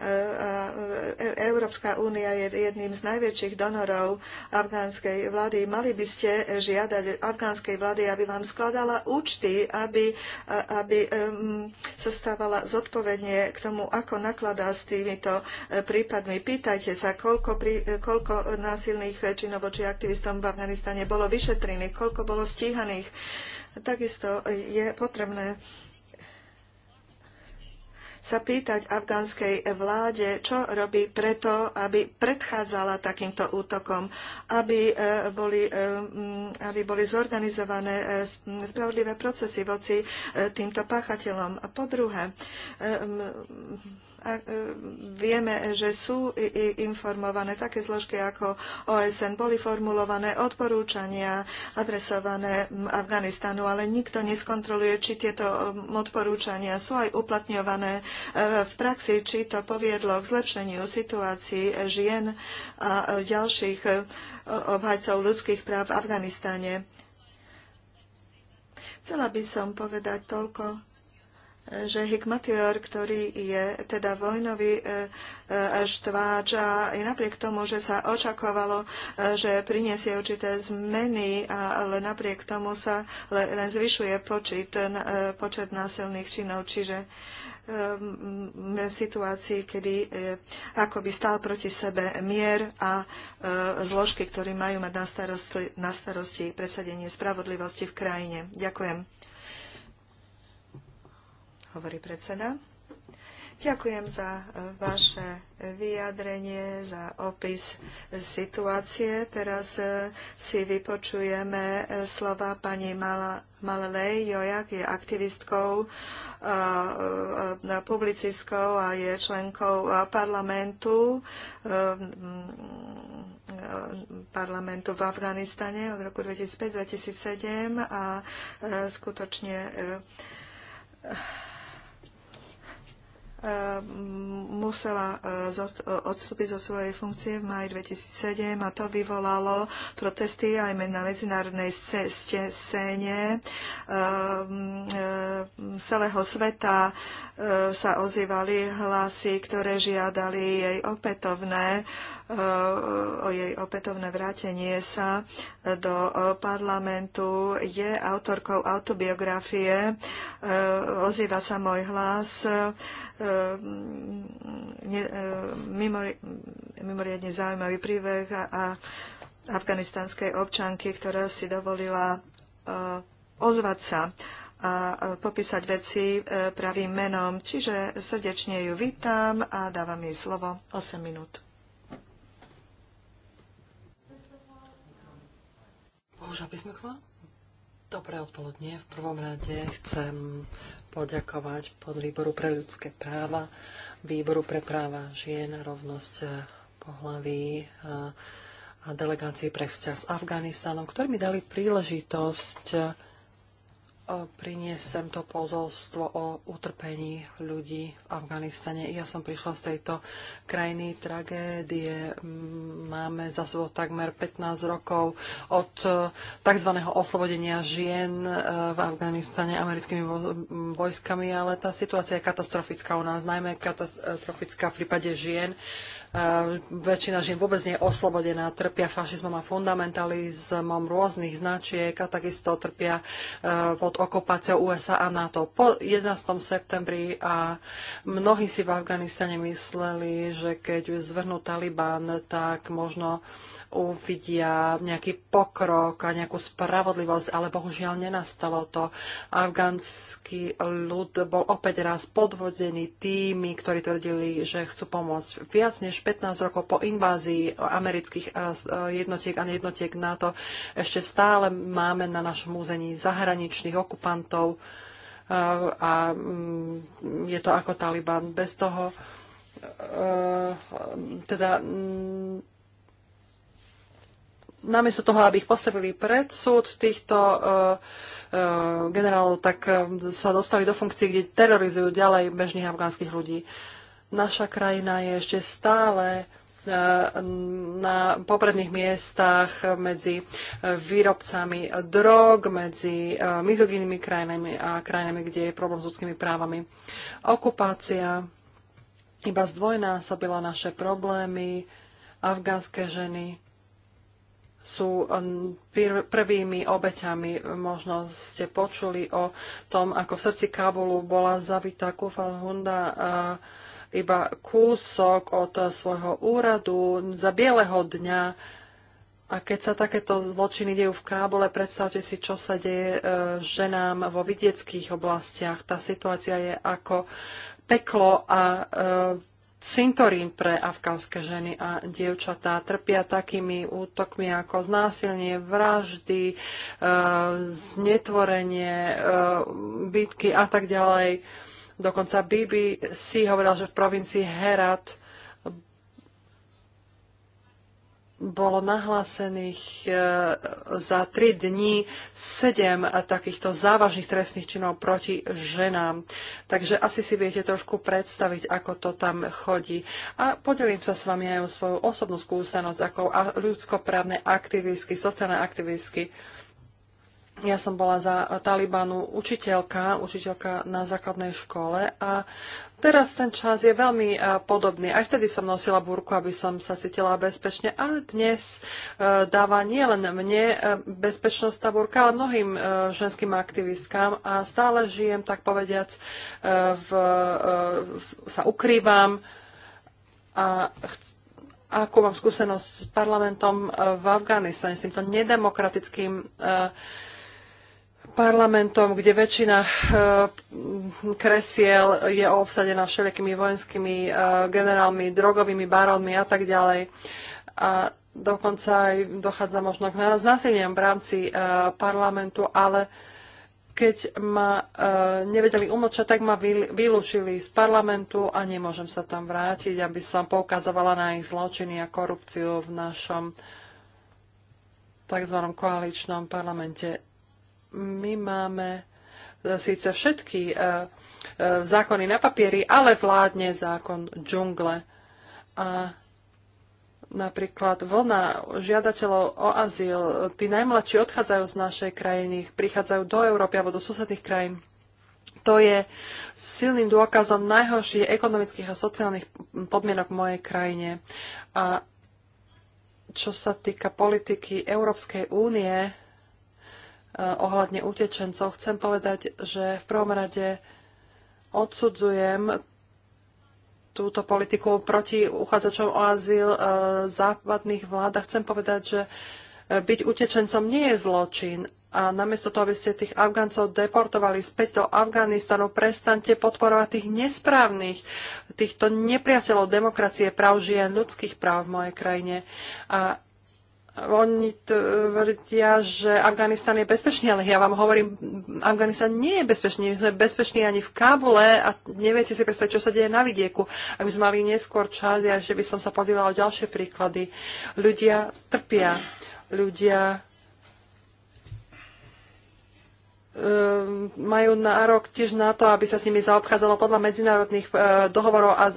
E, e, e, Európska únia je jedným z najväčších donorov afgánskej vlády. Mali by ste žiadať afgánskej vlády, aby vám skladala účty, aby, aby sa stávala zodpovedne k tomu, ako nakladá s týmito prípadmi. Pýtajte sa, koľko, pri, koľko násilných činov voči aktivistom v Afganistane bolo vyšetrených, koľko bolo stíhaných. Takisto je potrebné sa pýtať afgánskej vláde, čo robí preto, aby predchádzala takýmto útokom, aby e, boli, e, mm, aby boli zorganizované e, spravodlivé procesy voci týmto páchateľom. Po druhé, a e, vieme, že sú informované také zložky ako OSN, boli formulované odporúčania adresované Afganistanu, ale nikto neskontroluje, či tieto odporúčania sú aj uplatňované e, v praxi, či to poviedlo k zlepšeniu situácií žien a e, ďalších obhajcov ľudských práv v Afganistane. Chcela by som povedať toľko že Hikmatior, ktorý je teda vojnový e, e, štváč a i napriek tomu, že sa očakovalo, e, že priniesie určité zmeny, ale napriek tomu sa len zvyšuje počet, počet násilných činov, čiže situácii, kedy by stál proti sebe mier a zložky, ktorí majú mať na starosti, na starosti presadenie spravodlivosti v krajine. Ďakujem hovorí predseda. Ďakujem za e, vaše vyjadrenie, za opis situácie. Teraz e, si vypočujeme e, slova pani Malelej Jojak, je aktivistkou, publicistkou a je členkou parlamentu parlamentu v Afganistane od roku 2005-2007 a skutočne Ehm, musela e, e, odstúpiť zo svojej funkcie v maji 2007 a to vyvolalo protesty aj na medzinárodnej scéne ehm, ehm, celého sveta e, sa ozývali hlasy, ktoré žiadali jej opätovné o jej opätovné vrátenie sa do parlamentu. Je autorkou autobiografie e, Ozýva sa môj hlas. E, e, mimoriadne zaujímavý príbeh a afganistanskej občanky, ktorá si dovolila ozvať sa a popísať veci pravým menom. Čiže srdečne ju vítam a dávam jej slovo 8 minút.
Už aby Dobré odpoludne. V prvom rade chcem poďakovať pod výboru pre ľudské práva, výboru pre práva žien, rovnosť pohlaví eh, a delegácii pre vzťah s Afganistanom, ktorí mi dali príležitosť priniesem to pozolstvo o utrpení ľudí v Afganistane. Ja som prišla z tejto krajiny tragédie. Máme za sebou takmer 15 rokov od e, tzv. oslobodenia žien e, v Afganistane americkými vojskami, ale tá situácia je katastrofická u nás, najmä katastrofická e, v prípade žien. Ehm, väčšina žien vôbec nie je oslobodená, trpia fašizmom a fundamentalizmom rôznych značiek a takisto trpia ehm, pod okupáciou USA a NATO. Po 11. septembri a mnohí si v Afganistane mysleli, že keď zvrhnú Taliban, tak možno uvidia nejaký pokrok a nejakú spravodlivosť, ale bohužiaľ nenastalo to. Afgánsky ľud bol opäť raz podvodený tými, ktorí tvrdili, že chcú pomôcť. Viac než 15 rokov po invázii amerických eh, eh, jednotiek a jednotiek NATO ešte stále máme na našom území zahraničných okupantov eh, a mm, je to ako Taliban. Bez toho teda mm, namiesto toho, aby ich postavili pred súd týchto generálov, tak sa dostali do funkcií, kde terorizujú ďalej bežných afgánskych ľudí. Uh, Naša krajina je ešte stále e, na popredných miestach medzi e, výrobcami drog, medzi e, mizogínnymi krajinami a krajinami, kde je problém s ľudskými právami. Okupácia iba zdvojnásobila naše problémy. Afgánske ženy sú prvými obeťami. Možno ste počuli o tom, ako v srdci Kábulu bola zabitá Kufa Hunda iba kúsok od svojho úradu za bieleho dňa. A keď sa takéto zločiny dejú v Kábole, predstavte si, čo sa deje e, ženám vo vidieckých oblastiach. Tá situácia je ako peklo a e, cintorín pre afgánske ženy a dievčatá. Trpia takými útokmi ako znásilnie, vraždy, e, znetvorenie, bitky a tak ďalej. Dokonca Bibi si hovoril, že v provincii Herat bolo nahlásených e, za tri dní sedem takýchto závažných trestných činov proti ženám. Takže asi si viete trošku predstaviť, ako to tam chodí. A podelím sa s vami aj o svoju osobnú skúsenosť ako ľudskoprávne aktivistky, sociálne aktivistky ja som bola za Talibanu učiteľka, učiteľka na základnej škole a teraz ten čas je veľmi podobný. Aj vtedy som nosila burku, aby som sa cítila bezpečne, ale dnes e, dáva nielen mne e, bezpečnosť tá burka, ale mnohým e, ženským aktivistkám a stále žijem, tak povediac, v, sa ukrývam a chc- ako mám skúsenosť s parlamentom v Afganistane, s týmto nedemokratickým uh, parlamentom, kde väčšina eh, kresiel je obsadená všelijakými vojenskými eh, generálmi, drogovými barónmi a tak ďalej. A dokonca aj dochádza možno k znáseniam v rámci eh, parlamentu, ale keď ma nevedeli umlčať, tak ma vylúčili z parlamentu a nemôžem sa tam vrátiť, aby som poukazovala na ich zločiny a korupciu v našom tzv. koaličnom parlamente my máme e, síce všetky e, e, zákony na papieri, ale vládne zákon džungle. A napríklad vlna žiadateľov o azyl, tí najmladší odchádzajú z našej krajiny, prichádzajú do Európy alebo do susedných krajín. To je silným dôkazom najhorších ekonomických a sociálnych podmienok v mojej krajine. A čo sa týka politiky Európskej únie, Eh, ohľadne utečencov, chcem povedať, že v prvom rade odsudzujem túto politiku proti uchádzačom o azyl eh, západných vlád a chcem povedať, že eh, byť utečencom nie je zločin. A namiesto toho, aby ste tých Afgáncov deportovali späť do Afganistanu, prestante podporovať tých nesprávnych, týchto nepriateľov demokracie, práv žien, ľudských práv v mojej krajine. A oni tvrdia, že Afganistan je bezpečný, ale ja vám hovorím, Afganistan nie je bezpečný. My sme bezpeční ani v Kábule a neviete si predstaviť, čo sa deje na vidieku. Ak by sme mali neskôr čas, ja že by som sa podielala o ďalšie príklady. Ľudia trpia, ľudia Ehm, majú nárok tiež na to, aby sa s nimi zaobchádzalo podľa medzinárodných e, dohovorov a e,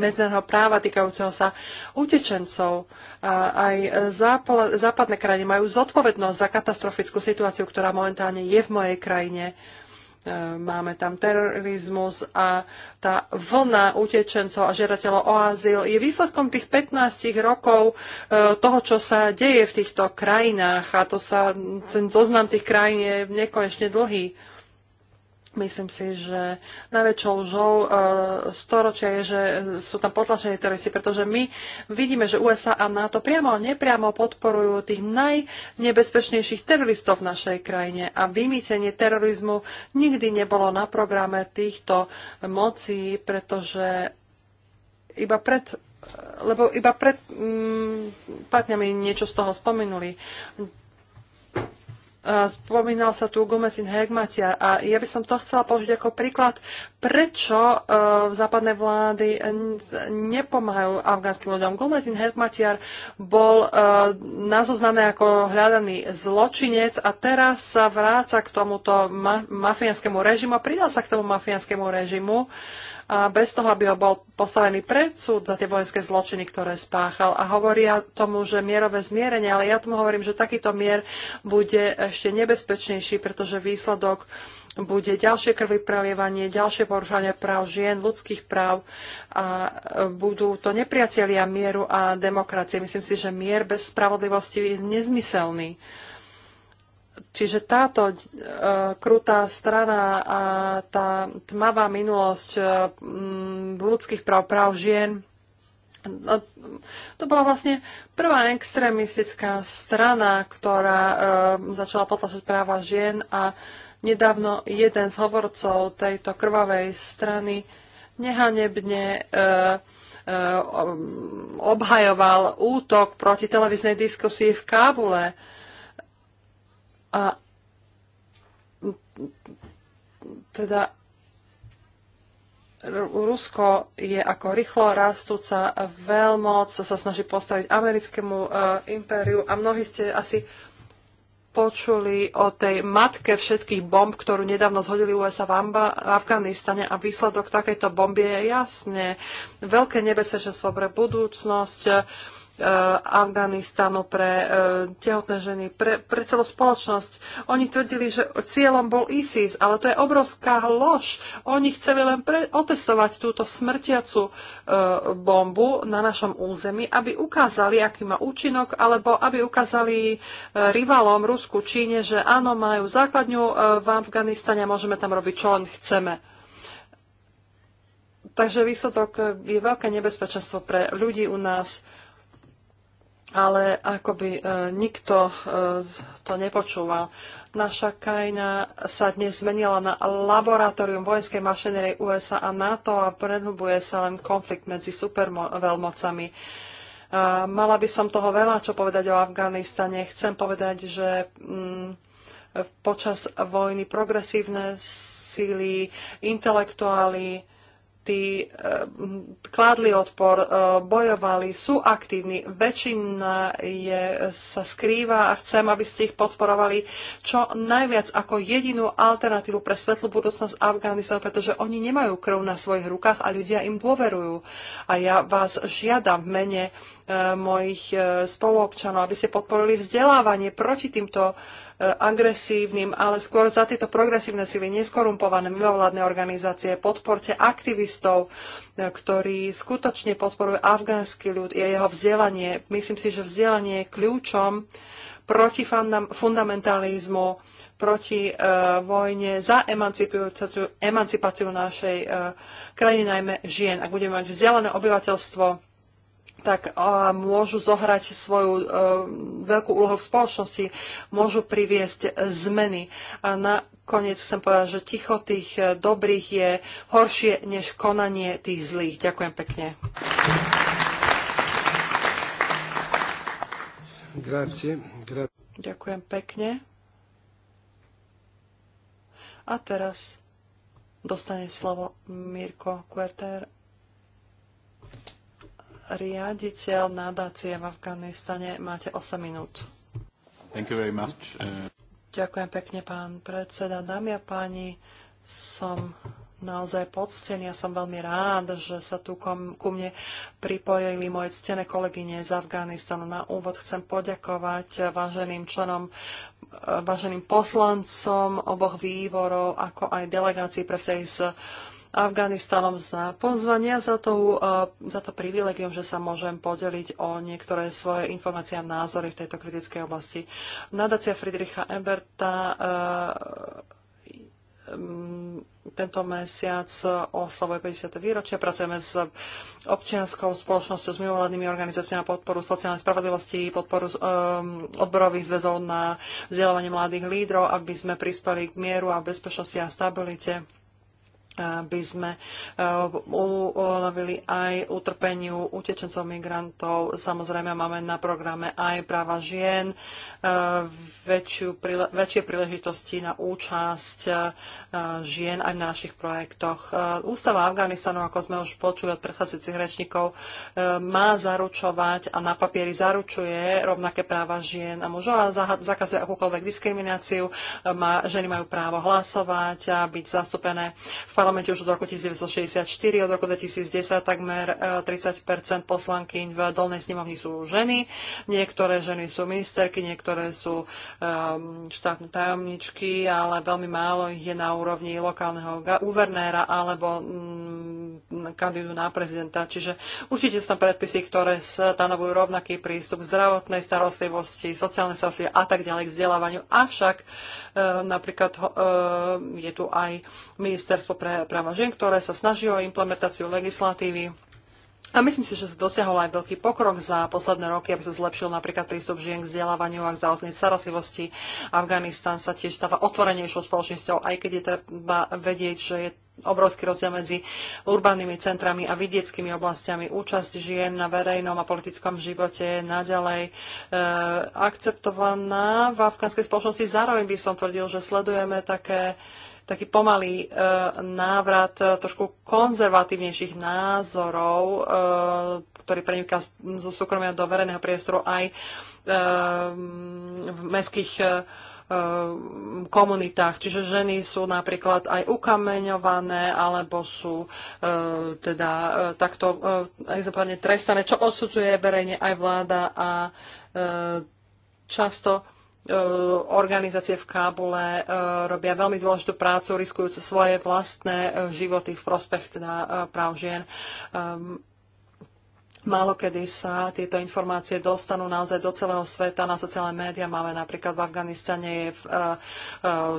medzinárodného práva týkajúceho sa utečencov. Aj západné krajiny majú zodpovednosť za katastrofickú situáciu, ktorá momentálne je v mojej krajine máme tam terorizmus a tá vlna utečencov a žiadateľov o azyl je výsledkom tých 15 rokov e, toho, čo sa deje v týchto krajinách a to sa, ten zoznam tých krajín je nekonečne dlhý. Myslím si, že najväčšou žou e, storočia je, že sú tam potlačené teroristi, pretože my vidíme, že USA a NATO priamo a nepriamo podporujú tých najnebezpečnejších teroristov v našej krajine a vymýtenie terorizmu nikdy nebolo na programe týchto mocí, pretože iba pred lebo iba pred mm, platňami niečo z toho spomenuli. Spomínal sa tu Gumetin Hegmatiar a ja by som to chcela použiť ako príklad, prečo uh, západné vlády nepomáhajú afgánskym ľuďom. Gumetin Hegmatiar bol uh, na zozname ako hľadaný zločinec a teraz sa vráca k tomuto ma- mafiánskému režimu a pridal sa k tomu mafiánskému režimu. Uh, a bez toho, aby ho bol postavený pred súd za tie vojenské zločiny, ktoré spáchal. A hovoria tomu, že mierové zmierenie, ale ja tomu hovorím, že takýto mier bude ešte nebezpečnejší, pretože výsledok bude ďalšie krvi prelievanie, ďalšie porušanie práv žien, ľudských práv a e, budú to nepriatelia mieru a demokracie. Myslím si, že mier bez spravodlivosti je nezmyselný. Čiže táto uh, krutá strana a tá tmavá minulosť uh, ľudských práv, práv žien, no, to bola vlastne prvá extrémistická strana, ktorá uh, začala potlačať práva žien a nedávno jeden z hovorcov tejto krvavej strany nehanebne uh, uh, obhajoval útok proti televíznej diskusii v Kábule. A teda Rusko je ako rýchlo rastúca veľmoc, sa snaží postaviť americkému uh, impériu a mnohí ste asi počuli o tej matke všetkých bomb, ktorú nedávno zhodili USA v Afganistane a výsledok takejto bomby je jasne veľké nebezpečenstvo pre budúcnosť. Uh, E, Afganistanu pre e, tehotné ženy, pre, pre celú spoločnosť. Oni tvrdili, že cieľom bol ISIS, ale to je obrovská lož. Oni chceli len pre, otestovať túto smrtiacu e, bombu na našom území, aby ukázali, aký má účinok, alebo aby ukázali e, rivalom Rusku, Číne, že áno, majú základňu v Afganistane a môžeme tam robiť, čo len chceme. Takže výsledok je veľké nebezpečenstvo pre ľudí u nás ale akoby e, nikto e, to nepočúval. Naša krajina sa dnes zmenila na laboratórium vojenskej mašinerie USA a NATO a predhlbuje sa len konflikt medzi superveľmocami. E, mala by som toho veľa čo povedať o Afganistane. Chcem povedať, že mm, počas vojny progresívne síly, intelektuáli, tí eh, kládli odpor, eh, bojovali, sú aktívni. Väčšina je, sa skrýva a chcem, aby ste ich podporovali čo najviac ako jedinú alternatívu pre svetlú budúcnosť Afganistanu, pretože oni nemajú krv na svojich rukách a ľudia im dôverujú. A ja vás žiadam v mene eh, mojich spoluobčanov, aby ste podporili vzdelávanie proti týmto agresívnym, ale skôr za tieto progresívne sily, neskorumpované mimovládne organizácie. Podporte aktivistov aktivistov, e, ktorí skutočne podporujú afgánsky ľud a jeho vzdelanie. Myslím si, že vzdelanie je kľúčom proti fundamentalizmu, proti uh, vojne, za emancipáciu, emancipáciu našej uh, krajiny, najmä žien. Ak budeme mať vzdelané obyvateľstvo, tak a môžu zohrať svoju e, veľkú úlohu v spoločnosti, môžu priviesť zmeny. A nakoniec chcem povedať, že ticho tých e, dobrých je horšie než konanie tých zlých. Ďakujem pekne. Grazie. Grazie. Ďakujem pekne. A teraz dostane slovo Mirko Kuerter riaditeľ nadácie v Afganistane. Máte 8 minút.
Thank you very much. Uh...
Ďakujem pekne, pán predseda. Dámy a páni, som naozaj poctený a som veľmi rád, že sa tu kom, ku mne pripojili moje ctené kolegyne z Afganistanu. Na úvod chcem poďakovať váženým členom, váženým poslancom oboch výborov, ako aj delegácií pre s Afganistanom za pozvanie a za, to, uh, za to privilegium, že sa môžem podeliť o niektoré svoje informácie a názory v tejto kritickej oblasti. Nadácia Friedricha Eberta uh, um, tento mesiac oslavuje 50. výročia. Pracujeme s občianskou spoločnosťou, s mimovládnymi organizáciami na podporu sociálnej spravodlivosti, podporu um, odborových zväzov na vzdelávanie mladých lídrov, aby sme prispeli k mieru a bezpečnosti a stabilite aby sme e, ulovili aj utrpeniu utečencov, migrantov. Samozrejme máme na programe aj práva žien, e, väčšiu, väčšie príležitosti na účasť e, žien aj na našich projektoch. Ústava Afganistanu, ako sme už počuli od predchádzajúcich rečníkov, má zaručovať a na papieri zaručuje rovnaké práva žien a mužov a zakazuje akúkoľvek diskrimináciu. Ženy majú právo hlasovať a byť zastúpené v parlamente už od roku 1964, od roku 2010 takmer 30 e, poslankyň v dolnej snemovni sú ženy. Niektoré ženy sú ministerky, niektoré sú ehm, štátne tajomničky, ale veľmi málo ich je na úrovni lokálneho guvernéra alebo mm, kandidu na prezidenta. Čiže určite sú tam predpisy, ktoré stanovujú rovnaký prístup k zdravotnej starostlivosti, sociálnej starostlivosti a tak ďalej k vzdelávaniu. Avšak e, napríklad e, je tu aj ministerstvo pre práva žien, ktoré sa snažili o implementáciu legislatívy. A myslím si, že sa dosiahol aj veľký pokrok za posledné roky, aby sa zlepšil napríklad prístup žien k vzdelávaniu a k zdravotnej starostlivosti. Afganistan sa tiež stáva otvorenejšou spoločnosťou, aj keď je treba vedieť, že je obrovský rozdiel medzi urbanými centrami a vidieckými oblastiami. Účasť žien na verejnom a politickom živote je naďalej e, akceptovaná v afgánskej spoločnosti. Zároveň by som tvrdil, že sledujeme také e, taký pomalý e, návrat e, trošku konzervatívnejších názorov, e, ktorý preniká zo súkromia do verejného priestoru aj e, v mestských e, e, komunitách. Čiže ženy sú napríklad aj ukameňované, alebo sú e, teda e, takto e, exemplárne trestané, čo odsudzuje verejne aj vláda a e, často E, organizácie v Kábule e, robia veľmi dôležitú prácu, riskujúcu svoje vlastné e, životy v prospech teda práv žien. Ehm, Málokedy sa tieto informácie dostanú naozaj do celého sveta. Na sociálne médiá máme napríklad v Afganistane je v, v, e, e,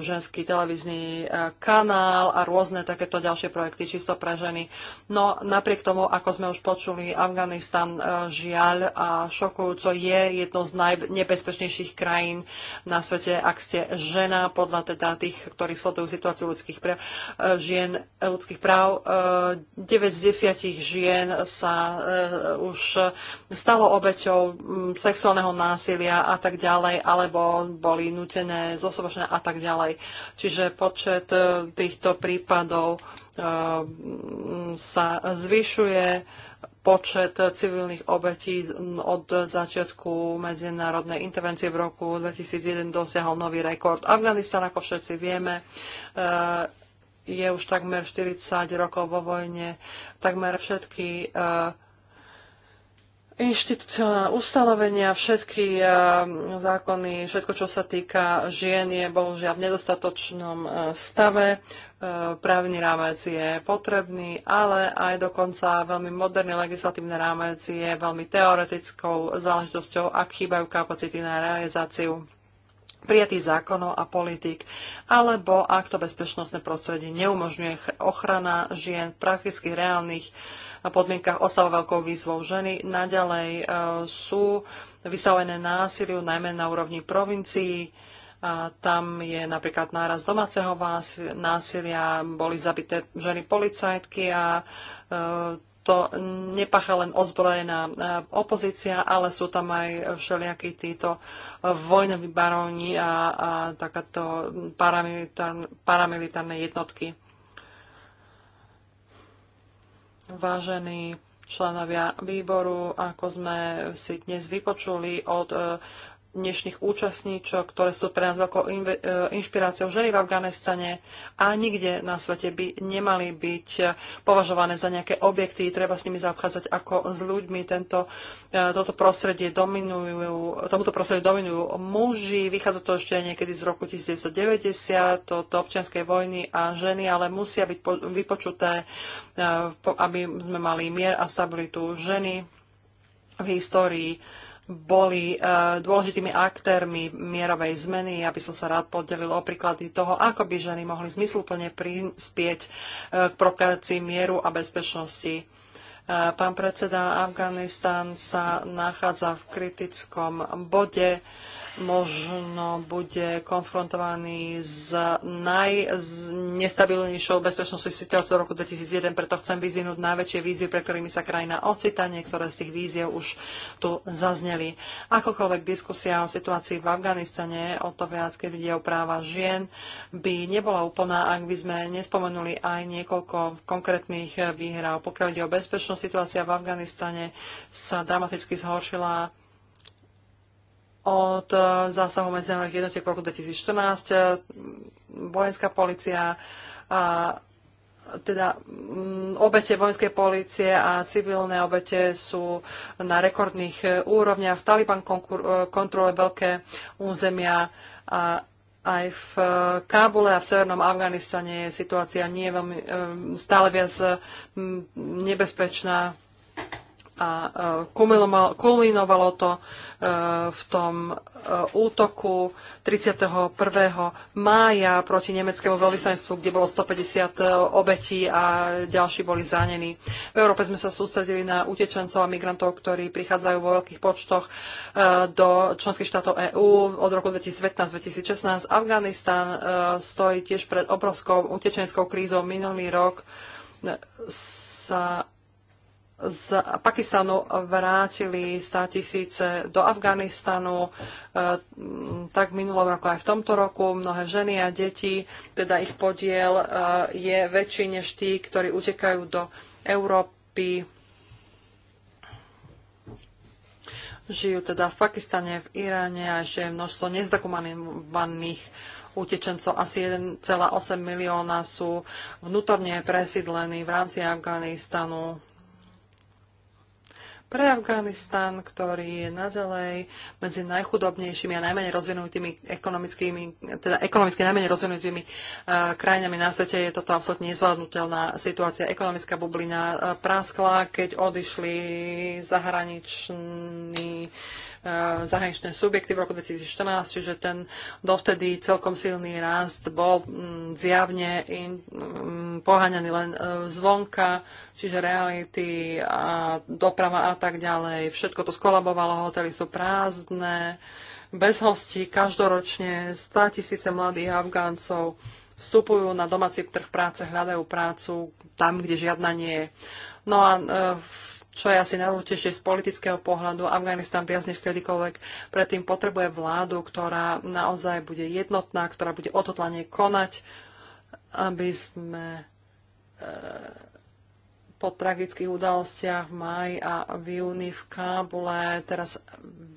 ženský televízny e, kanál a rôzne takéto ďalšie projekty čisto pre ženy. No napriek tomu, ako sme už počuli, Afganistan žiaľ a šokujúco je jedno z najnebezpečnejších krajín na svete, ak ste žena, podľa teda tých, ktorí sledujú situáciu ľudských práv, žien, ľudských práv. 9 z 10 žien sa už eh, stalo obeťou mm, sexuálneho násilia a tak ďalej, alebo boli nutené zosobočné a tak ďalej. Čiže počet eh, týchto prípadov eh, mm, sa zvyšuje počet civilných obetí od začiatku medzinárodnej intervencie v roku 2001 dosiahol nový rekord. Afganistan, ako všetci vieme, je už takmer 40 rokov vo vojne. Takmer všetky Inštitucionálne ustanovenia, všetky eh, zákony, všetko, čo sa týka žien, je bohužiaľ v nedostatočnom eh, stave. Eh, právny rámec je potrebný, ale aj dokonca veľmi moderný legislatívny rámec je veľmi teoretickou záležitosťou, ak chýbajú kapacity na realizáciu prijatých zákonov a politik, alebo ak to bezpečnostné prostredie neumožňuje ochrana žien v prakticky reálnych eh, podmienkach ostáva veľkou výzvou. Ženy naďalej eh, sú vystavené násiliu, najmä na úrovni provincií. A tam je napríklad náraz domáceho násilia, boli zabité ženy policajtky a e, to nepacha len ozbrojená e, opozícia, ale sú tam aj všelijakí títo vojnoví baróni a, a takáto paramilitárne, paramilitárne jednotky. Vážení členovia výboru, ako sme si dnes vypočuli od e, dnešných účastníčok, ktoré sú pre nás veľkou e, inšpiráciou ženy v Afganistane a nikde na svete by nemali byť e, považované za nejaké objekty. Treba s nimi zaobchádzať ako s ľuďmi. Tento, e, toto prostredie dominujú, tomuto prostrediu dominujú muži. Vychádza to ešte niekedy z roku 1990, od občianskej vojny a ženy, ale musia byť vypočuté, aby sme mali mier a stabilitu ženy v histórii boli eh, dôležitými aktérmi mierovej zmeny. Ja by som sa rád podelil o príklady toho, ako by ženy mohli zmysluplne prispieť eh, k prokácii mieru a bezpečnosti. Eh, pán predseda, Afganistan sa nachádza v kritickom bode možno bude konfrontovaný s najnestabilnejšou bezpečnosťou situáciou roku 2001, preto chcem vyzvinúť najväčšie výzvy, pre ktorými sa krajina ocita. Niektoré z tých víziev už tu zazneli. Akokoľvek diskusia o situácii v Afganistane, o to viac, keď ide o práva žien, by nebola úplná, ak by sme nespomenuli aj niekoľko konkrétnych výhrav. Pokiaľ ide o bezpečnosť, situácia v Afganistane sa dramaticky zhoršila od eh, zásahu medzinárodných jednotiek v roku 2014, eh, vojenská policia a teda mm, obete vojenskej policie a civilné obete sú na rekordných eh, úrovniach. V Taliban kontroluje veľké územia a aj v Kábule a v severnom Afganistane je situácia nie veľmi, stále viac mm, nebezpečná a e, kulminovalo to e, v tom e, útoku 31. mája proti nemeckému veľvyslanstvu, kde bolo 150 obetí a ďalší boli zranení. V Európe sme sa sústredili na utečencov a migrantov, ktorí prichádzajú vo veľkých počtoch do členských štátov EÚ od roku 2015-2016. Afganistan stojí tiež pred obrovskou utečenskou krízou. Minulý rok sa z Pakistanu vrátili 100 tisíce do Afganistanu, e, tak minulom roku aj v tomto roku. Mnohé ženy a deti, teda ich podiel e, je väčší než tí, ktorí utekajú do Európy. Žijú teda v Pakistane, v Iráne a ešte je množstvo nezdokumentovaných utečencov. Asi 1,8 milióna sú vnútorne presídlení v rámci Afganistanu pre Afganistan, ktorý je naďalej medzi najchudobnejšími a najmenej rozvinutými ekonomickými, teda ekonomicky najmenej rozvinutými eh, krajinami na svete. Je toto absolútne nezvládnutelná situácia. Ekonomická bublina eh, praskla, keď odišli zahraniční Eh, zahraničné subjekty v roku 2014, čiže ten dovtedy celkom silný rast bol mm, zjavne in, mm, poháňaný len eh, zvonka, čiže reality a doprava a tak ďalej. Všetko to skolabovalo, hotely sú prázdne, bez hostí každoročne 100 tisíce mladých Afgáncov vstupujú na domáci trh práce, hľadajú prácu tam, kde žiadna nie je. No a eh, čo je asi najdôležitejšie z politického pohľadu. Afganistan viac než kedykoľvek predtým potrebuje vládu, ktorá naozaj bude jednotná, ktorá bude odhodlanie konať, aby sme e, po tragických udalostiach v maji a v júni v Kábule teraz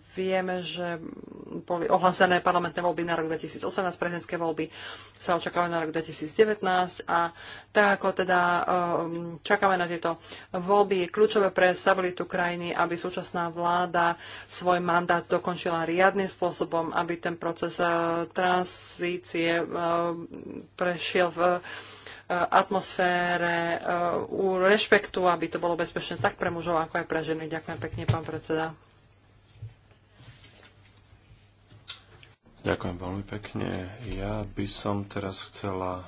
Vieme, že boli ohlásené parlamentné voľby na rok 2018, prezidentské voľby sa očakávajú na rok 2019 a tak ako teda um, čakáme na tieto voľby, je kľúčové pre stabilitu krajiny, aby súčasná vláda svoj mandát dokončila riadnym spôsobom, aby ten proces uh, tranzície uh, prešiel v uh, atmosfére, u rešpektu, aby to bolo bezpečné tak pre mužov, ako aj pre ženy. Ďakujem pekne, pán predseda.
Ďakujem veľmi pekne. Ja by som teraz chcela,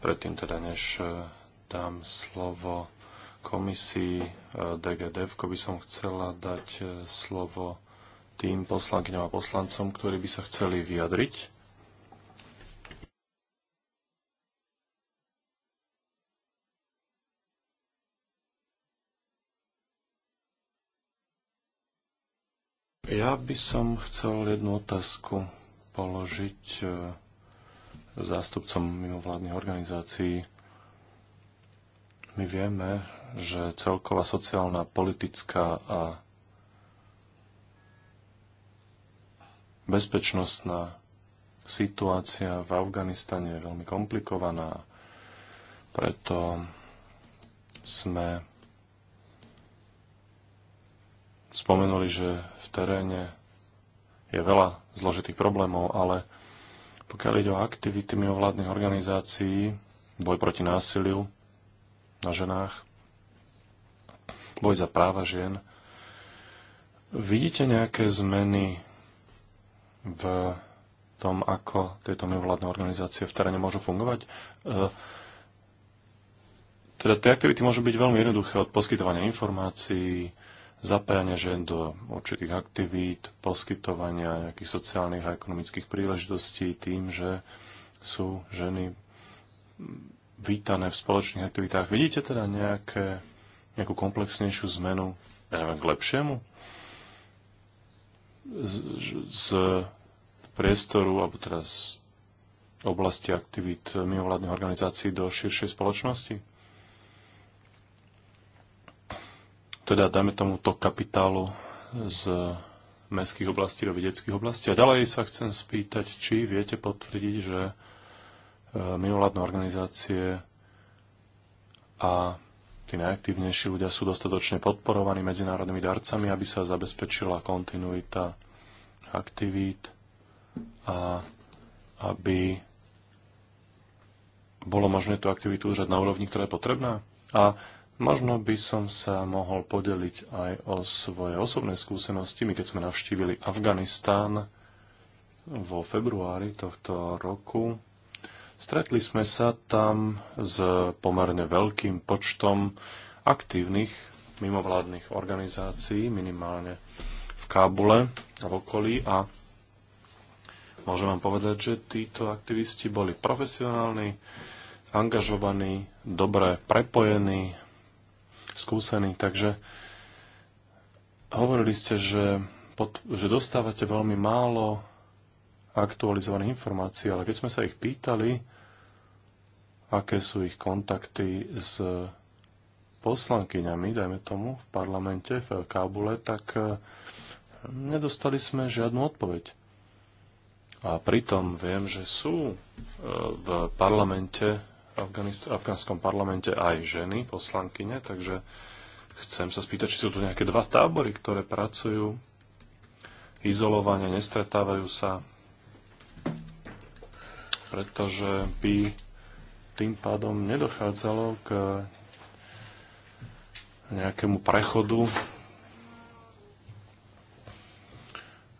predtým teda než e, dám slovo komisii e, DGDF, by som chcela dať e, slovo tým poslankyňom a poslancom, ktorí by sa chceli vyjadriť Ja by som chcel jednu otázku položiť e, zástupcom mimovládnych organizácií. My vieme, že celková sociálna, politická a bezpečnostná situácia v Afganistane je veľmi komplikovaná. Preto sme spomenuli, že v teréne je veľa zložitých problémov, ale pokiaľ ide o aktivity mimovládnych organizácií, boj proti násiliu na ženách, boj za práva žien, vidíte nejaké zmeny v tom, ako tieto mimovládne organizácie v teréne môžu fungovať? E, teda tie aktivity môžu byť veľmi jednoduché od poskytovania informácií, zapájania žien do určitých aktivít, poskytovania nejakých sociálnych a ekonomických príležitostí tým, že sú ženy vítané v spoločných aktivitách. Vidíte teda nejaké, nejakú komplexnejšiu zmenu, ja neviem, k lepšiemu? Z, z priestoru, alebo teda z oblasti aktivít mimovládnych organizácií do širšej spoločnosti? teda dáme tomuto kapitálu z mestských oblastí do vedeckých oblastí. A ďalej sa chcem spýtať, či viete potvrdiť, že e, mimovládne organizácie a tí najaktívnejší ľudia sú dostatočne podporovaní medzinárodnými darcami, aby sa zabezpečila kontinuita aktivít a aby bolo možné tú aktivitu užať na úrovni, ktorá je potrebná. A Možno by som sa mohol podeliť aj o svoje osobné skúsenosti. My, keď sme navštívili Afganistán vo februári tohto roku, stretli sme sa tam s pomerne veľkým počtom aktívnych mimovládnych organizácií, minimálne v Kábule a v okolí. A môžem vám povedať, že títo aktivisti boli profesionálni, angažovaní, dobre prepojení skúsení. Takže hovorili ste, že, pod, že dostávate veľmi málo aktualizovaných informácií, ale keď sme sa ich pýtali, aké sú ich kontakty s poslankyňami, dajme tomu, v parlamente v Kábule, tak eh, nedostali sme žiadnu odpoveď. A pritom viem, že sú eh, v parlamente afgánskom parlamente aj ženy, poslankyne, takže chcem sa spýtať, či sú tu nejaké dva tábory, ktoré pracujú izolovane, nestretávajú sa, pretože by tým pádom nedochádzalo k nejakému prechodu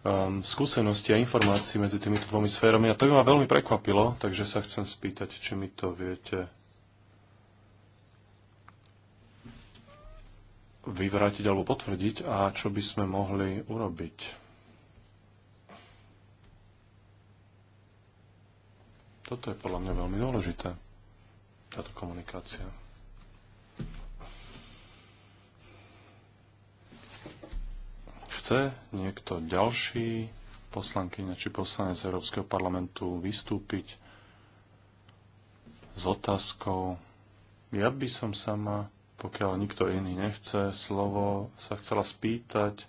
um, skúsenosti a informácií medzi týmito dvomi sférami a to by ma veľmi prekvapilo, takže sa chcem spýtať, či mi to viete vyvrátiť alebo potvrdiť a čo by sme mohli urobiť. Toto je podľa mňa veľmi dôležité, táto komunikácia. Chce niekto ďalší poslankyňa či poslanec Európskeho parlamentu vystúpiť s otázkou? Ja by som sama, pokiaľ nikto iný nechce slovo, sa chcela spýtať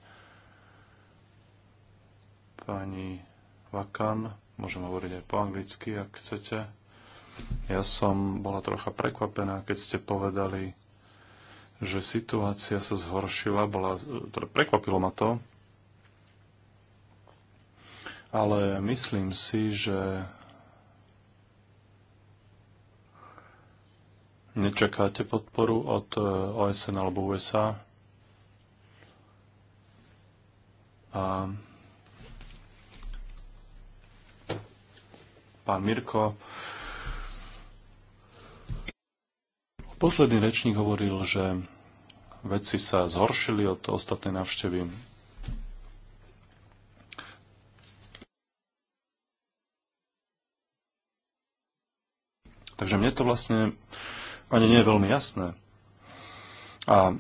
pani Vakan, môžem hovoriť aj po anglicky, ak chcete. Ja som bola trocha prekvapená, keď ste povedali, že situácia sa zhoršila, bola, teda prekvapilo ma to, ale myslím si, že nečakáte podporu od e, OSN alebo USA. A pán Mirko Posledný rečník hovoril, že veci sa zhoršili od ostatnej návštevy. Takže mne to vlastne ani nie je veľmi jasné. A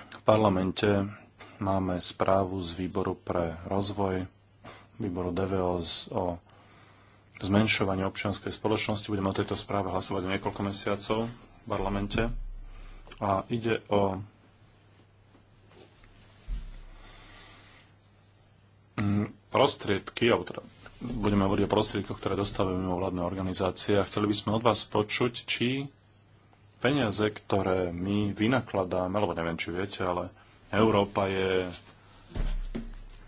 v parlamente máme správu z výboru pre rozvoj, výboru DVO o zmenšovanie občianskej spoločnosti. Budeme o tejto správe hlasovať o niekoľko mesiacov v parlamente. A ide o mm, prostriedky, alebo teda budeme hovoriť o prostriedkoch, ktoré dostávajú mimo vládne organizácie a chceli by sme od vás počuť, či peniaze, ktoré my vynakladáme, alebo neviem, či viete, ale Európa je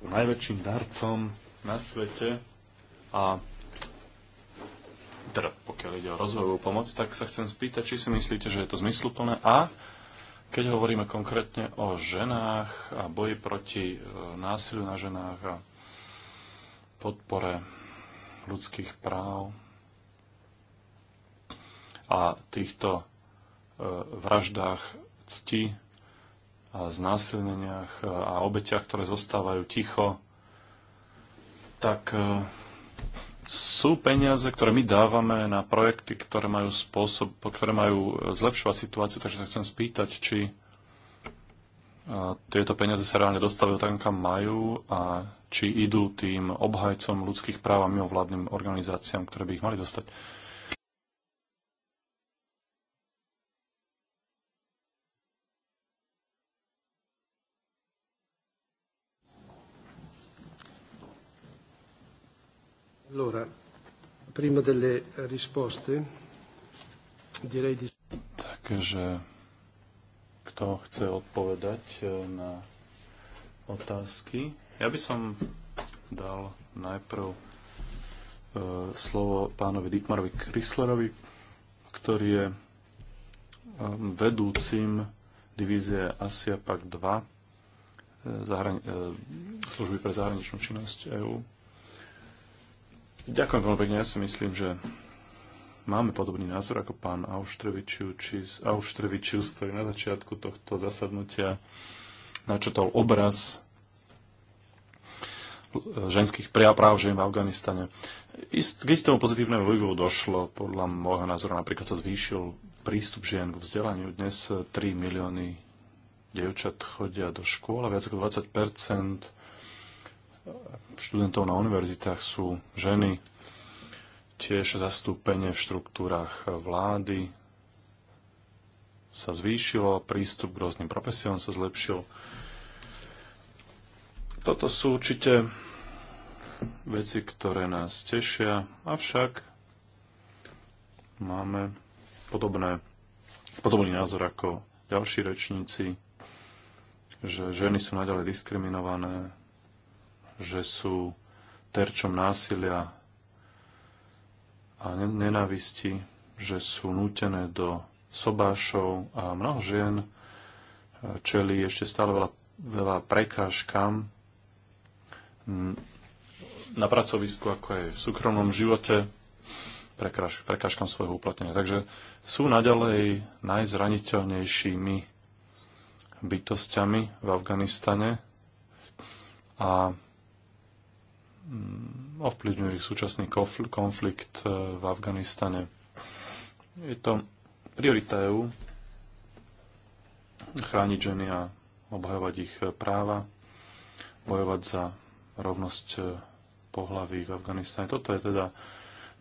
najväčším darcom na svete a teda pokiaľ ide o rozvojovú pomoc, tak sa chcem spýtať, či si myslíte, že je to zmysluplné a keď hovoríme konkrétne o ženách a boji proti e, násiliu na ženách a podpore ľudských práv a týchto e, vraždách cti a znásilneniach e, a obeťach, ktoré zostávajú ticho, tak sú peniaze, ktoré my dávame na projekty, ktoré majú, spôsob, ktoré majú e, zlepšovať situáciu, takže sa chcem spýtať, či e, tieto peniaze sa reálne dostávajú tam, kam majú a či idú tým obhajcom ľudských práv a mimovládnym organizáciám, ktoré by ich mali dostať.
prima delle
risposte, direi di... Takže kto chce odpovedať eh, na otázky? Ja by som dal najprv eh, slovo pánovi Dietmarovi Chryslerovi, ktorý je eh, vedúcim divízie Asia Pak 2 služby pre zahraničnú činnosť EÚ Ďakujem veľmi pekne. Ja si myslím, že máme podobný názor ako pán Auštrevičius, ktorý na začiatku tohto zasadnutia načetol obraz ženských práv žien v Afganistane. Ist, k istému pozitívnemu vývoju došlo, podľa môjho názoru napríklad sa zvýšil prístup žien k vzdelaniu. Dnes 3 milióny dievčat chodia do škôl a viac ako 20 študentov na univerzitách sú ženy, tiež zastúpenie v štruktúrach vlády sa zvýšilo, prístup k rôznym profesiám sa zlepšil. Toto sú určite veci, ktoré nás tešia, avšak máme podobné, podobný názor ako ďalší rečníci, že ženy sú naďalej diskriminované, že sú terčom násilia a nenávisti, že sú nútené do sobášov a mnoho žien e, čeli ešte stále veľa, veľa prekážkam na pracovisku, ako aj v súkromnom živote, prekážkam svojho uplatnenia. Takže sú naďalej najzraniteľnejšími bytostiami v Afganistane a Mm, ovplyvňujú ich súčasný konflikt eh, v Afganistane. Je to priorita EU chrániť ženy a obhajovať ich eh, práva, bojovať za rovnosť eh, pohlaví v Afganistane. Toto je teda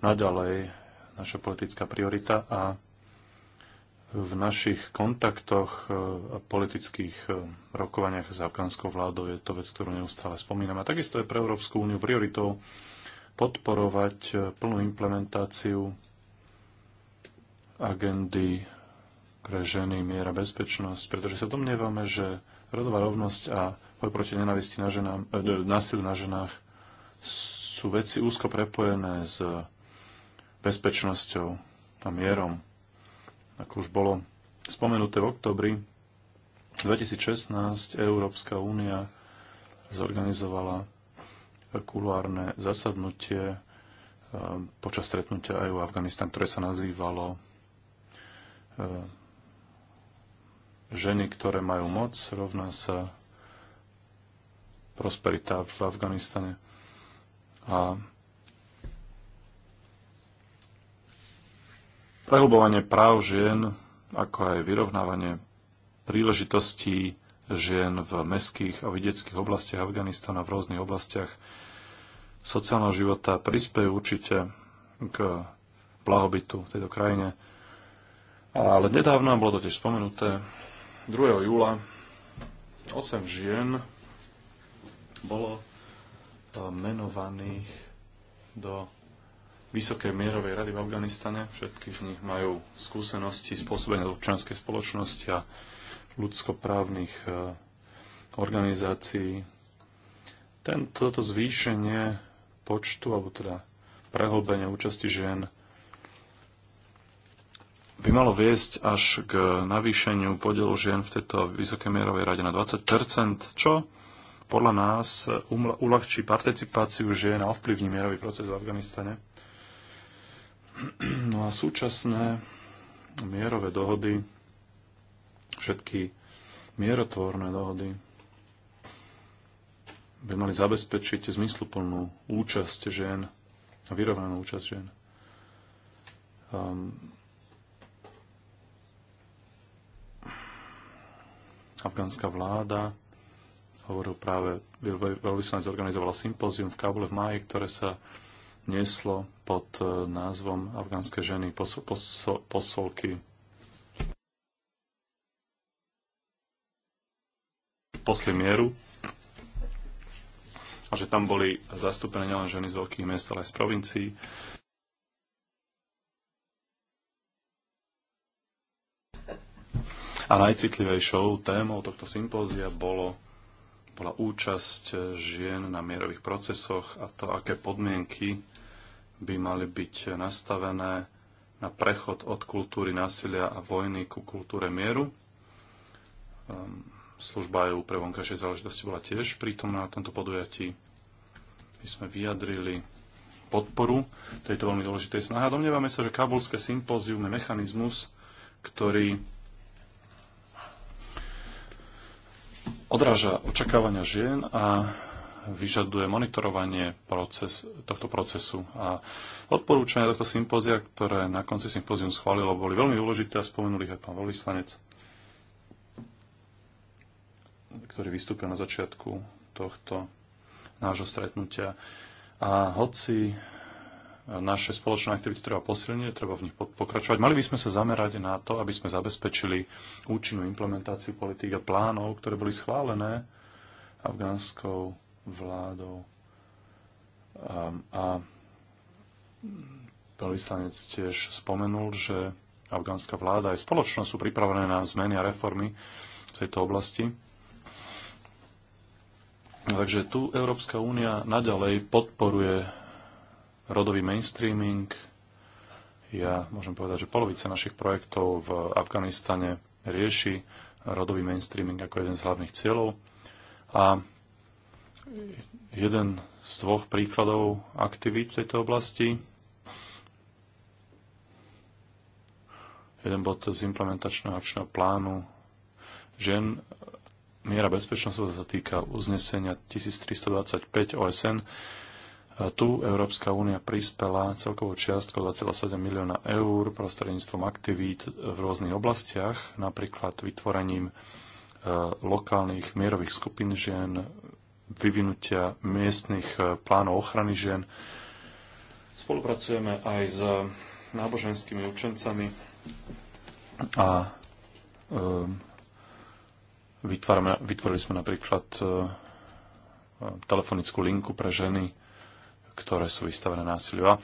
naďalej naša politická priorita a v našich kontaktoch e, a politických e, rokovaniach s afgánskou vládou je to vec, ktorú neustále spomíname. A takisto je pre Európsku úniu prioritou podporovať e, plnú implementáciu agendy pre ženy, miera, bezpečnosť, pretože sa domnievame, že rodová rovnosť a boj proti nenavisti na ženám, e, násilu na ženách sú veci úzko prepojené s bezpečnosťou a mierom. Ako už bolo spomenuté v oktobri 2016, Európska únia zorganizovala kulárne zasadnutie e, počas stretnutia EU Afganistan, ktoré sa nazývalo e, ženy, ktoré majú moc, rovná sa prosperita v Afganistane. A prehlbovanie práv žien, ako aj vyrovnávanie príležitostí žien v meských a vidieckých oblastiach Afganistana v rôznych oblastiach sociálneho života prispejú určite k blahobytu v tejto krajine. Ale nedávno, bolo to tiež spomenuté, 2. júla 8 žien bolo e, menovaných do Vysokej mierovej rady v Afganistane. Všetky z nich majú skúsenosti spôsobenia občianskej spoločnosti a ľudskoprávnych e, organizácií. Tento, toto zvýšenie počtu, alebo teda prehlbenie účasti žien by malo viesť až k navýšeniu podielu žien v tejto vysokej mierovej rade na 20 čo podľa nás uľahčí participáciu žien a ovplyvní mierový proces v Afganistane. No a súčasné mierové dohody, všetky mierotvorné dohody by mali zabezpečiť zmysluplnú účasť žien a vyrovnanú účasť žien. Um, afgánska vláda, hovoril práve, veľvyslanec organizovala sympózium v Kabule v máji, ktoré sa nieslo pod eh, názvom Afgánske ženy posol, posol, posolky. Posli mieru. A že tam boli zastúpené nielen ženy z veľkých miest, ale aj z provincií. A najcitlivejšou témou tohto sympózia bolo, bola účasť eh, žien na mierových procesoch a to, aké podmienky by mali byť nastavené na prechod od kultúry násilia a vojny ku kultúre mieru. Ehm, služba EU pre vonkajšie záležitosti bola tiež prítomná na tomto podujatí. My sme vyjadrili podporu tejto veľmi dôležitej snahy. A domnievame sa, že kabulské sympózium je mechanizmus, ktorý odráža očakávania žien a vyžaduje monitorovanie proces, tohto procesu. A odporúčania tohto sympózia, ktoré na konci sympózium schválilo, boli veľmi dôležité a spomenul ich aj pán veľvyslanec, ktorý vystúpil na začiatku tohto nášho stretnutia. A hoci naše spoločné aktivity treba posilniť, treba v nich pokračovať. Mali by sme sa zamerať na to, aby sme zabezpečili účinnú implementáciu politík a plánov, ktoré boli schválené afgánskou vládou. Ehm, a, a veľvyslanec tiež spomenul, že afgánska vláda aj spoločnosť sú pripravené na zmeny a reformy v tejto oblasti. No, takže tu Európska únia naďalej podporuje rodový mainstreaming. Ja môžem povedať, že polovica našich projektov v Afganistane rieši rodový mainstreaming ako jeden z hlavných cieľov. A jeden z dvoch príkladov aktivít v tejto oblasti. Jeden bod z implementačného akčného plánu žen. Miera bezpečnosti sa týka uznesenia 1325 OSN. Tu Európska únia prispela celkovou čiastkou 2,7 milióna eur prostredníctvom aktivít v rôznych oblastiach, napríklad vytvorením e, lokálnych mierových skupín žien, vyvinutia miestnych eh, plánov ochrany žien. Spolupracujeme aj s náboženskými učencami a eh, vytvárame, vytvorili sme napríklad eh, telefonickú linku pre ženy, ktoré sú vystavené násiliu. A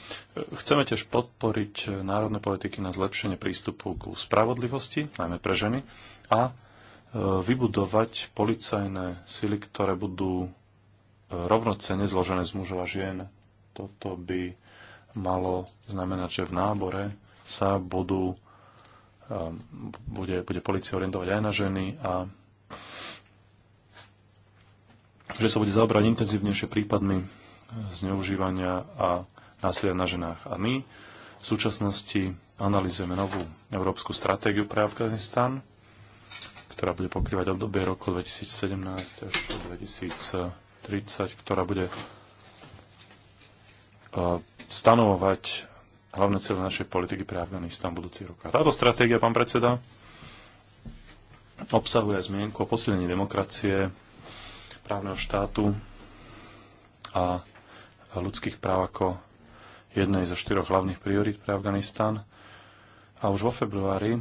chceme tiež podporiť národné politiky na zlepšenie prístupu ku spravodlivosti, najmä pre ženy, a vybudovať policajné sily, ktoré budú e, rovnocene zložené z mužov a žien. Toto by malo znamenať, že v nábore sa budú, e, bude, bude policia orientovať aj na ženy a že sa bude zaobrať intenzívnejšie prípadmi zneužívania a násilia na ženách. A my v súčasnosti analizujeme novú európsku stratégiu pre Afganistan, ktorá bude pokrývať obdobie roku 2017 až 2030, ktorá bude e, stanovovať hlavné cieľe našej politiky pre Afganistan budúci rok. A táto stratégia, pán predseda, obsahuje zmienku o posilnení demokracie, právneho štátu a ľudských práv ako jednej zo štyroch hlavných priorít pre Afganistan. A už vo februári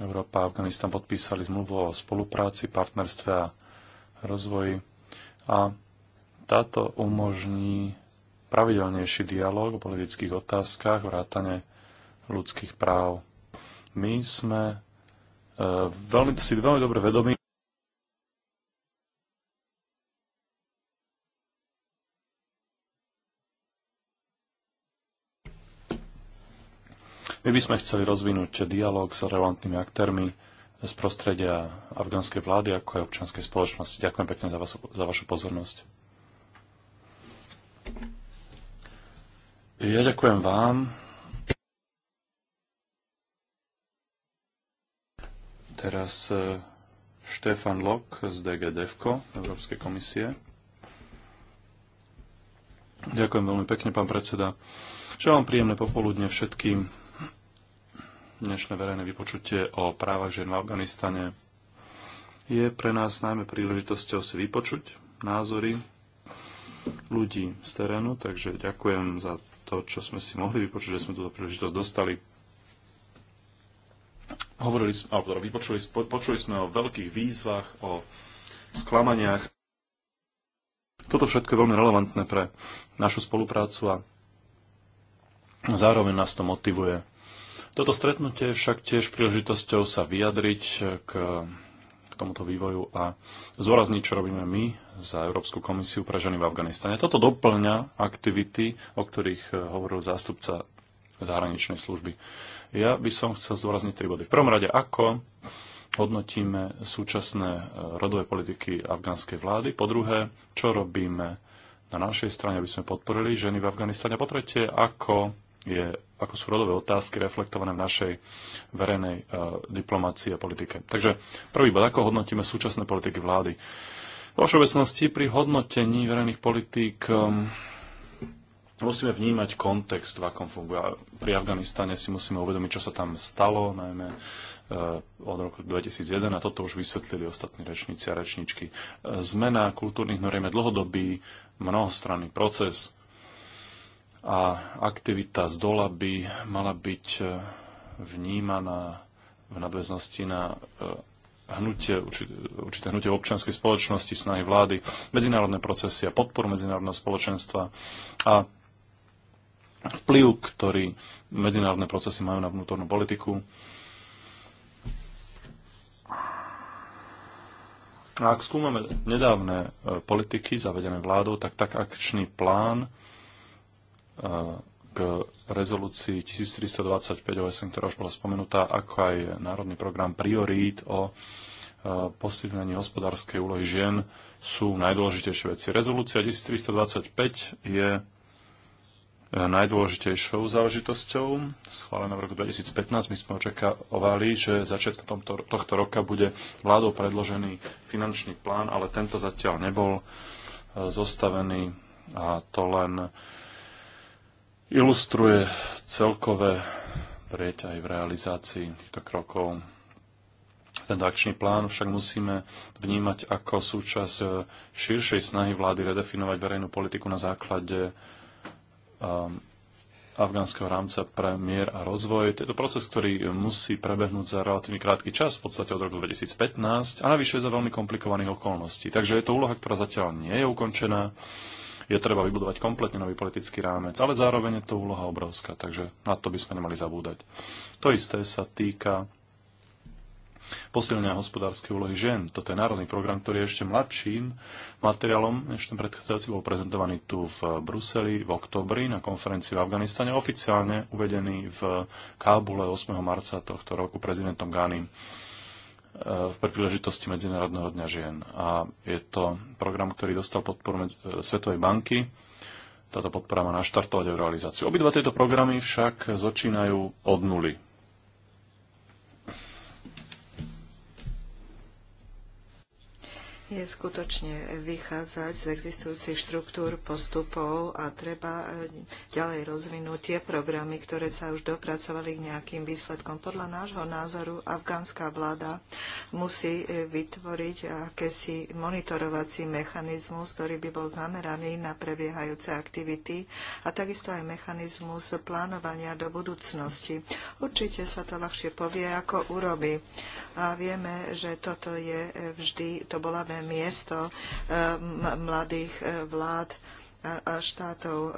Európa a Afganistan podpísali zmluvu o spolupráci, partnerstve a rozvoji a táto umožní pravidelnejší dialog o politických otázkach, vrátane ľudských práv. My sme e, veľmi, si veľmi dobre vedomi, My by sme chceli rozvinúť dialog s relevantnými aktérmi z prostredia afgánskej vlády, ako aj občianskej spoločnosti. Ďakujem pekne za, vás, za vašu pozornosť. Ja ďakujem vám. Teraz e, Štefan Lok z DGDFko Európskej komisie. Ďakujem veľmi pekne, pán predseda. Želám príjemné popoludne všetkým dnešné verejné vypočutie o právach žien v Afganistane je pre nás najmä príležitosťou si vypočuť názory ľudí z terénu, takže ďakujem za to, čo sme si mohli vypočuť, že sme túto príležitosť dostali. Hovorili, alebo teda vypočuli, počuli sme o veľkých výzvach, o sklamaniach. Toto všetko je veľmi relevantné pre našu spoluprácu a zároveň nás to motivuje toto stretnutie je však tiež príležitosťou sa vyjadriť k, k tomuto vývoju a zdôrazniť, čo robíme my za Európsku komisiu pre ženy v Afganistane. Toto doplňa aktivity, o ktorých eh, hovoril zástupca zahraničnej služby. Ja by som chcel zdôrazniť tri body. V prvom rade, ako hodnotíme súčasné eh, rodové politiky afgánskej vlády. Po druhé, čo robíme na našej strane, aby sme podporili ženy v Afganistane. Po tretie, ako je, ako sú rodové otázky reflektované v našej verejnej uh, diplomácii a politike. Takže prvý bod, ako hodnotíme súčasné politiky vlády. Vo všeobecnosti pri hodnotení verejných politík um, musíme vnímať kontext, v akom funguje. Pri Afganistane si musíme uvedomiť, čo sa tam stalo, najmä eh, od roku 2001 a toto už vysvetlili ostatní rečníci a rečníčky. Zmena kultúrnych noriem je dlhodobý, mnohostranný proces, a aktivita z dola by mala byť e, vnímaná v nadväznosti na e, hnutie, určité hnutie občianskej spoločnosti, snahy vlády, medzinárodné procesy a podporu medzinárodného spoločenstva a vplyv, ktorý medzinárodné procesy majú na vnútornú politiku. A ak skúmame nedávne e, politiky zavedené vládou, tak tak akčný plán k rezolúcii 1325 OSN, ktorá už bola spomenutá, ako aj Národný program priorít o e, posilnení hospodárskej úlohy žien sú najdôležitejšie veci. Rezolúcia 1325 je e, najdôležitejšou záležitosťou. Schválená v roku 2015 my sme očakávali, že začiatkom tohto roka bude vládou predložený finančný plán, ale tento zatiaľ nebol e, zostavený a to len ilustruje celkové prieť aj v realizácii týchto krokov. Tento akčný plán však musíme vnímať ako súčasť širšej snahy vlády redefinovať verejnú politiku na základe um, afgánskeho rámca pre mier a rozvoj. je to proces, ktorý musí prebehnúť za relatívne krátky čas, v podstate od roku 2015, a navyše za veľmi komplikovaných okolností. Takže je to úloha, ktorá zatiaľ nie je ukončená je treba vybudovať kompletne nový politický rámec, ale zároveň je to úloha obrovská, takže na to by sme nemali zabúdať. To isté sa týka posilnenia hospodárskej úlohy žien. Toto je národný program, ktorý je ešte mladším materiálom, než ten predchádzajúci bol prezentovaný tu v Bruseli v oktobri na konferencii v Afganistane, oficiálne uvedený v Kábule 8. marca tohto roku prezidentom Ghanim v príležitosti Medzinárodného dňa žien. A je to program, ktorý dostal podporu e, Svetovej banky. Táto podpora má naštartovať v realizáciu. Obidva tieto programy však začínajú od nuly.
je skutočne vychádzať z existujúcich štruktúr, postupov a treba e, ďalej rozvinúť tie programy, ktoré sa už dopracovali k nejakým výsledkom. Podľa nášho názoru afgánska vláda musí e, vytvoriť akési monitorovací mechanizmus, ktorý by bol zameraný na prebiehajúce aktivity a takisto aj mechanizmus plánovania do budúcnosti. Určite sa to ľahšie povie, ako urobi. A vieme, že toto je e, vždy, to bola miesto eh, mladých eh, vlád a štátov. Eh,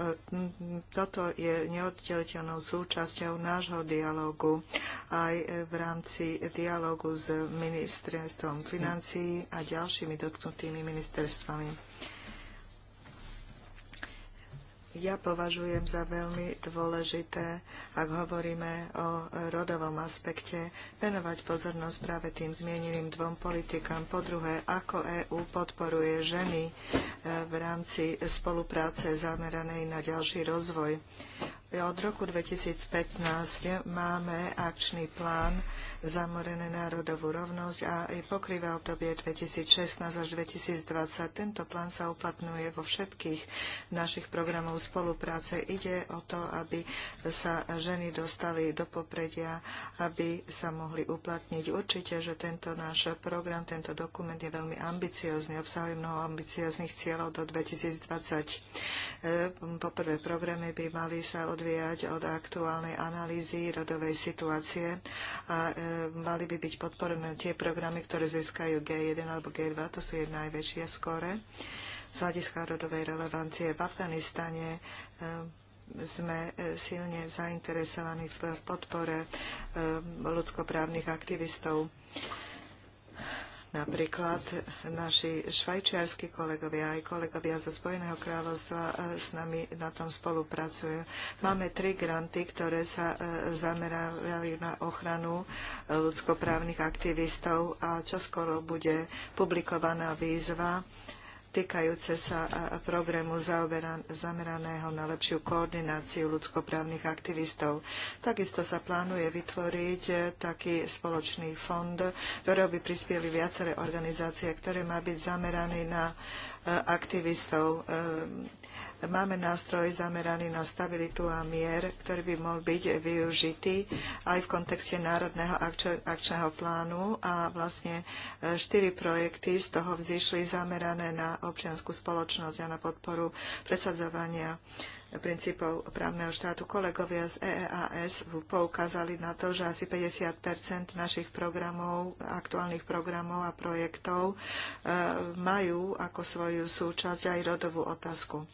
toto je neoddeliteľnou súčasťou nášho dialogu aj v rámci dialogu s ministerstvom financií a ďalšími dotknutými ministerstvami ja považujem za veľmi dôležité, ak hovoríme o rodovom aspekte, venovať pozornosť práve tým zmieneným dvom politikám. Po druhé, ako EÚ podporuje ženy eh, v rámci spolupráce zameranej na ďalší rozvoj od roku 2015 máme akčný plán Zamorené národovú rovnosť a pokrýva obdobie 2016 až 2020. Tento plán sa uplatňuje vo všetkých našich programov spolupráce. Ide o to, aby sa ženy dostali do popredia, aby sa mohli uplatniť. Určite, že tento náš program, tento dokument je veľmi ambiciózny, obsahuje mnoho ambiciózných cieľov do 2020. E, poprvé, programy by mali sa od odvíjať od aktuálnej analýzy rodovej situácie a e, mali by byť podporené tie programy, ktoré získajú G1 alebo G2, to sú jedna najväčšie skóre. Z hľadiska rodovej relevancie v Afganistane e, sme e, silne zainteresovaní v podpore ľudskoprávnych aktivistov. Napríklad naši švajčiarskí kolegovia aj kolegovia zo Spojeného kráľovstva e, s nami na tom spolupracujú. Máme tri granty, ktoré sa e, zamerajú na ochranu e, ľudskoprávnych aktivistov a čoskoro bude publikovaná výzva týkajúce sa programu zameraného na lepšiu koordináciu ľudskoprávnych aktivistov. Takisto sa plánuje vytvoriť e, taký spoločný fond, ktorého by prispieli viaceré organizácie, ktoré má byť zameraný na e, aktivistov e, Máme nástroj zameraný na stabilitu a mier, ktorý by mohol byť využitý aj v kontexte Národného akčného plánu a vlastne e, štyri projekty z toho vzýšli zamerané na občianskú spoločnosť a na podporu presadzovania princípov právneho štátu. Kolegovia z EEAS poukázali na to, že asi 50 našich programov, aktuálnych programov a projektov e, majú ako svoju súčasť aj rodovú otázku.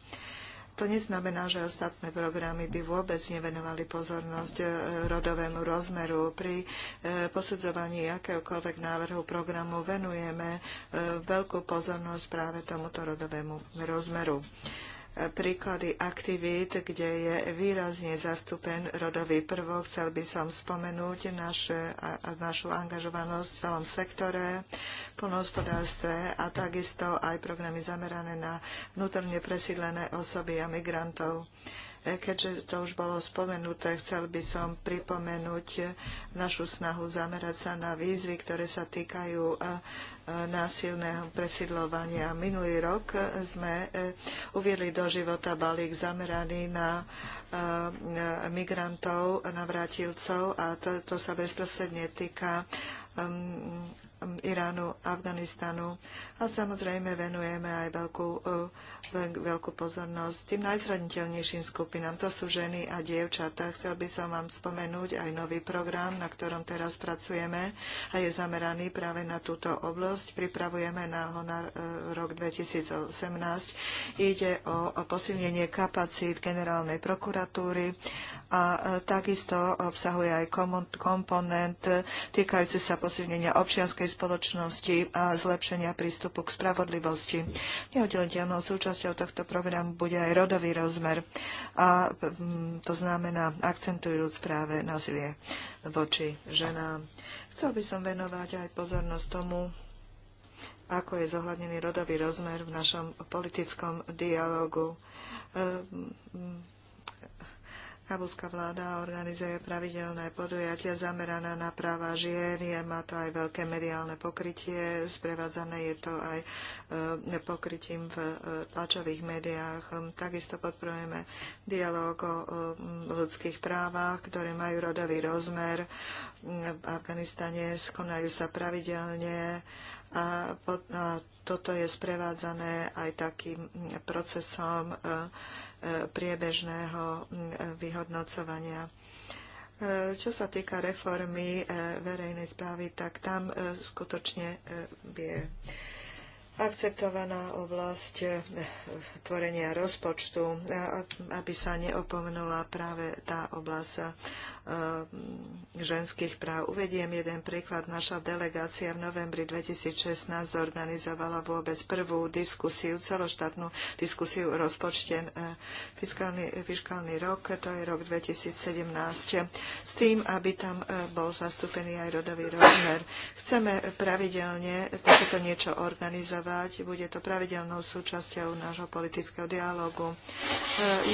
To neznamená, že ostatné programy by vôbec nevenovali pozornosť e, rodovému rozmeru. Pri e, posudzovaní akéhokoľvek návrhu programu venujeme e, veľkú pozornosť práve tomuto rodovému rozmeru príklady aktivít, kde je výrazne zastúpen rodový prvok. Chcel by som spomenúť naše, a, našu angažovanosť v celom sektore, plnohospodárstve a takisto aj programy zamerané na vnútorne presídlené osoby a migrantov. E, keďže to už bolo spomenuté, chcel by som pripomenúť našu snahu zamerať sa na výzvy, ktoré sa týkajú e, e, násilného presidlovania. Minulý rok sme uviedli do života balík zameraný na migrantov, navrátilcov a to, to sa bezprostredne týka Iránu, Afganistanu a samozrejme venujeme aj veľkú veľkú pozornosť tým najzraniteľnejším skupinám. To sú ženy a dievčatá. Chcel by som vám spomenúť aj nový program, na ktorom teraz pracujeme a je zameraný práve na túto oblasť. Pripravujeme na ho na e, rok 2018. Ide o, posilnenie kapacít generálnej prokuratúry a e, takisto obsahuje aj komponent týkajúci sa posilnenia občianskej spoločnosti a zlepšenia prístupu k spravodlivosti. Neoddeliteľnou súčasťou súčasťou tohto programu bude aj rodový rozmer. A mm, to znamená, akcentujúc práve násilie voči ženám. Chcel by som venovať aj pozornosť tomu, ako je zohľadnený rodový rozmer v našom politickom dialogu e, mm, Kabulská vláda organizuje pravidelné podujatia zamerané na práva žien, je, má to aj veľké mediálne pokrytie, sprevádzané je to aj e, pokrytím v e, tlačových médiách. Hm, takisto podporujeme dialog o ľudských právach, ktoré majú rodový rozmer. Hm, v Afganistane skonajú sa pravidelne a, pod, a toto je sprevádzané aj takým procesom e, priebežného mm, vyhodnocovania. E, čo sa týka reformy e, verejnej správy, tak tam e, skutočne je akceptovaná oblasť tvorenia rozpočtu, aby sa neopomenula práve tá oblasť Ehm, ženských práv. Uvediem jeden príklad. Naša delegácia v novembri 2016 zorganizovala vôbec prvú diskusiu, celoštátnu diskusiu o rozpočte e, fiskálny, fiskálny rok, to je rok 2017, s tým, aby tam e, bol zastúpený aj rodový rozmer. Chceme pravidelne takéto niečo organizovať, bude to pravidelnou súčasťou nášho politického dialogu. E,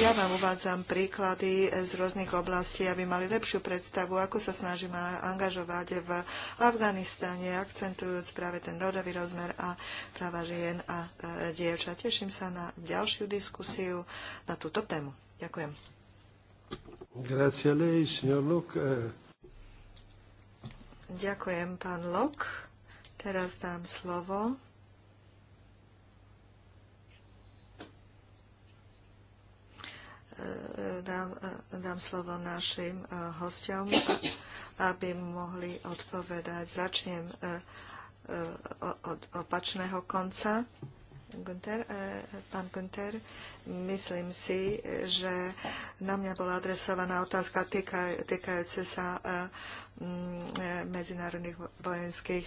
ja vám uvádzam príklady z rôznych oblastí, aby mali lepšie lepšiu predstavu, ako sa snažíme angažovať v Afganistane, akcentujúc práve ten rodový rozmer a práva žien a e, dievča. Teším sa na ďalšiu diskusiu na túto tému. Ďakujem. Ďakujem, pán Lok. Teraz dám slovo dám, dám slovo našim e, hostiom, aby mohli odpovedať. Začnem e, e, od opačného konca. Günther, pán Günther, myslím si, že na mňa bola adresovaná otázka týkajúce sa medzinárodných vojenských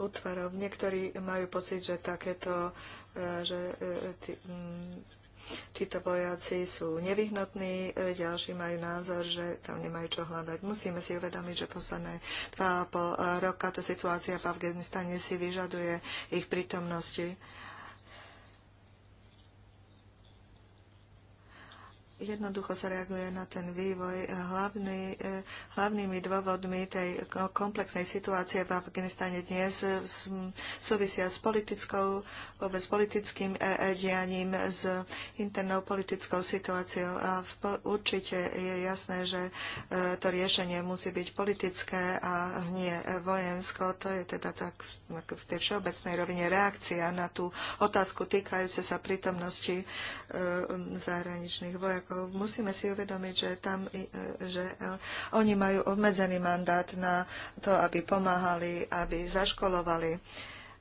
útvarov. Niektorí majú pocit, že takéto, e, že e, tí, mm, títo vojaci sú nevyhnutní, e, ďalší majú názor, že tam nemajú čo hľadať. Musíme si uvedomiť, že posledné dva a pol roka tá situácia v Afganistane si vyžaduje ich prítomnosti. Jednoducho sa reaguje na ten vývoj. Hlavný, e, hlavnými dôvodmi tej komplexnej situácie v Afganistane dnes e, súvisia s politickou, vôbec politickým e, dianím, s internou politickou situáciou. A v, určite je jasné, že to riešenie musí byť politické a nie vojensko. To je teda tak v tej všeobecnej rovine reakcia na tú otázku týkajúce sa prítomnosti zahraničných vojakov Eh, musíme si uvedomiť, že, tam, eh, že eh, oni majú obmedzený mandát na to, aby pomáhali, aby zaškolovali.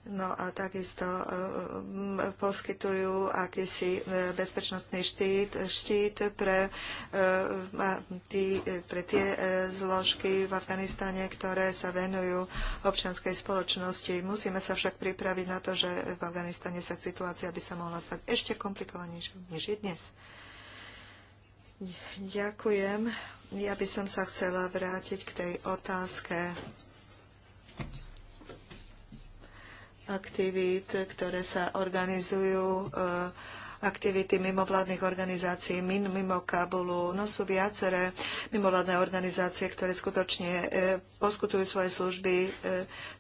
No a takisto poskytujú akýsi bezpečnostný štít, štít pre, tí, pre tie zložky v Afganistane, ktoré sa venujú občianskej spoločnosti. Musíme sa však pripraviť na to, že v Afganistane sa situácia by sa mohla stať ešte komplikovanejšou, než je dnes. Ďakujem. Ja by som sa chcela vrátiť k tej otázke aktivít, ktoré sa organizujú uh, aktivity mimovládnych organizácií MIN mimo Kabulu. No sú viaceré mimovládne organizácie, ktoré skutočne e, poskutujú svoje služby e,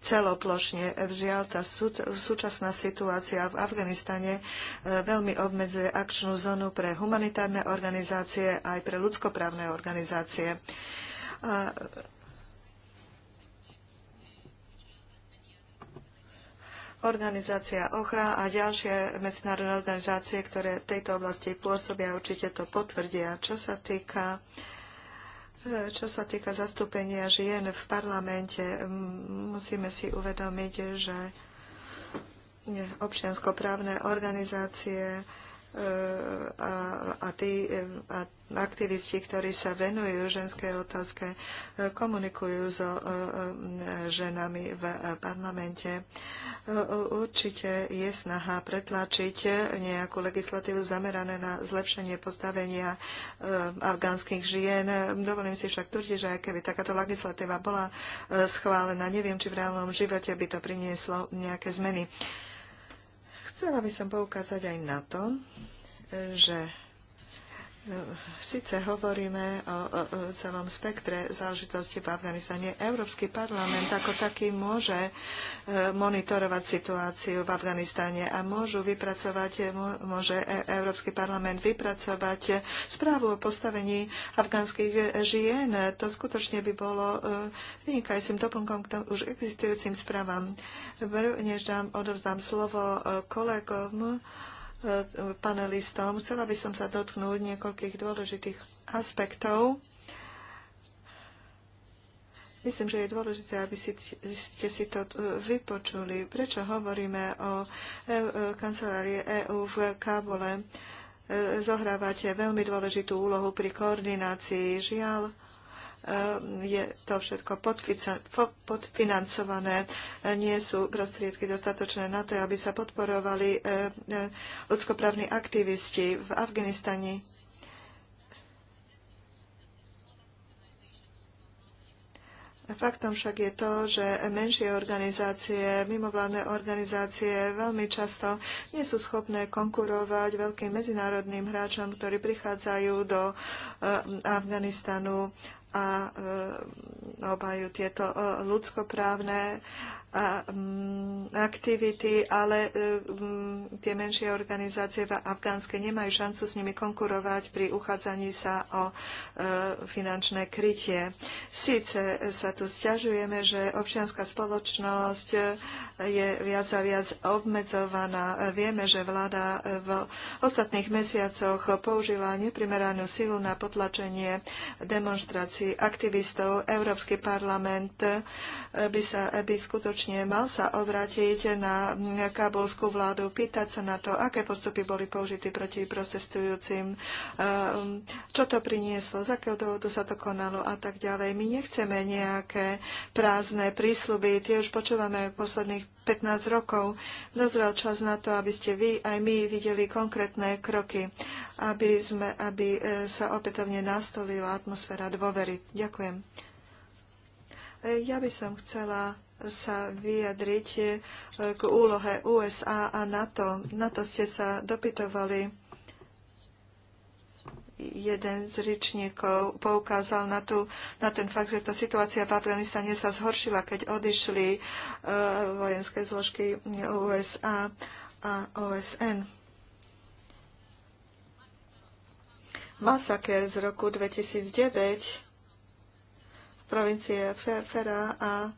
celoplošne. Žiaľ, tá súčasná situácia v Afganistane e, veľmi obmedzuje akčnú zónu pre humanitárne organizácie aj pre ľudskoprávne organizácie. A organizácia OCHRA a ďalšie medzinárodné organizácie, ktoré v tejto oblasti pôsobia, určite to potvrdia. Čo sa týka e, čo sa týka zastúpenia žien v parlamente, musíme si uvedomiť, že občianskoprávne organizácie a, a tí a aktivisti, ktorí sa venujú ženskej otázke, komunikujú so e, e, ženami v parlamente. Určite je snaha pretlačiť nejakú legislatívu zamerané na zlepšenie postavenia e, afgánskych žien. Dovolím si však tvrdiť, že aj keby takáto legislatíva bola schválená, neviem, či v reálnom živote by to prinieslo nejaké zmeny. Chcela by som poukázať aj na to, že e, Sice hovoríme o, o, o celom spektre záležitosti v Afganistane. Európsky parlament ako taký môže e, monitorovať situáciu v Afganistane a môžu vypracovať, môže e, Európsky parlament vypracovať správu o postavení afgánskych žien. To skutočne by bolo vynikajúcim doplnkom k už existujúcim správam. Než dám, odovzdám slovo kolegom, panelistom. Chcela by som sa dotknúť niekoľkých dôležitých aspektov. Myslím, že je dôležité, aby si, ste si to vypočuli. Prečo hovoríme o e, e, kancelárii EÚ v Kábole? E, zohrávate veľmi dôležitú úlohu pri koordinácii. Žiaľ, Ehm, je to všetko podfinancované, e, nie sú prostriedky dostatočné na to, aby sa podporovali e, e, ľudskoprávni aktivisti v Afganistane. Faktom však je to, že menšie organizácie, mimovládne organizácie veľmi často nie sú schopné konkurovať veľkým medzinárodným hráčom, ktorí prichádzajú do Afganistanu a e, obhajú tieto e, ľudskoprávne a mm, aktivity, ale e, mm, tie menšie organizácie v Afgánske nemajú šancu s nimi konkurovať pri uchádzaní sa o e, finančné krytie. Sice sa tu stiažujeme, že občianská spoločnosť e, je viac a viac obmedzovaná. Vieme, že vláda v ostatných mesiacoch použila neprimeranú silu na potlačenie demonstrácií aktivistov. Európsky parlament by, sa, by skutočne skutočne mal sa obrátiť na kabulskú vládu, pýtať sa na to, aké postupy boli použité proti protestujúcim, eh, čo to prinieslo, z akého dôvodu sa to konalo a tak ďalej. My nechceme nejaké prázdne prísľuby, tie už počúvame posledných 15 rokov. Dozrel čas na to, aby ste vy aj my videli konkrétne kroky, aby, sme, aby eh, sa opätovne nastolila atmosféra dôvery. Ďakujem. Eh, ja by som chcela sa vyjadriť e, k úlohe USA a NATO. Na to ste sa dopytovali. Jeden z ričníkov poukázal na, tú, na ten fakt, že tá situácia v Afganistane sa zhoršila, keď odišli e, vojenské zložky USA a OSN. Masaker z roku 2009 v provincii Fera a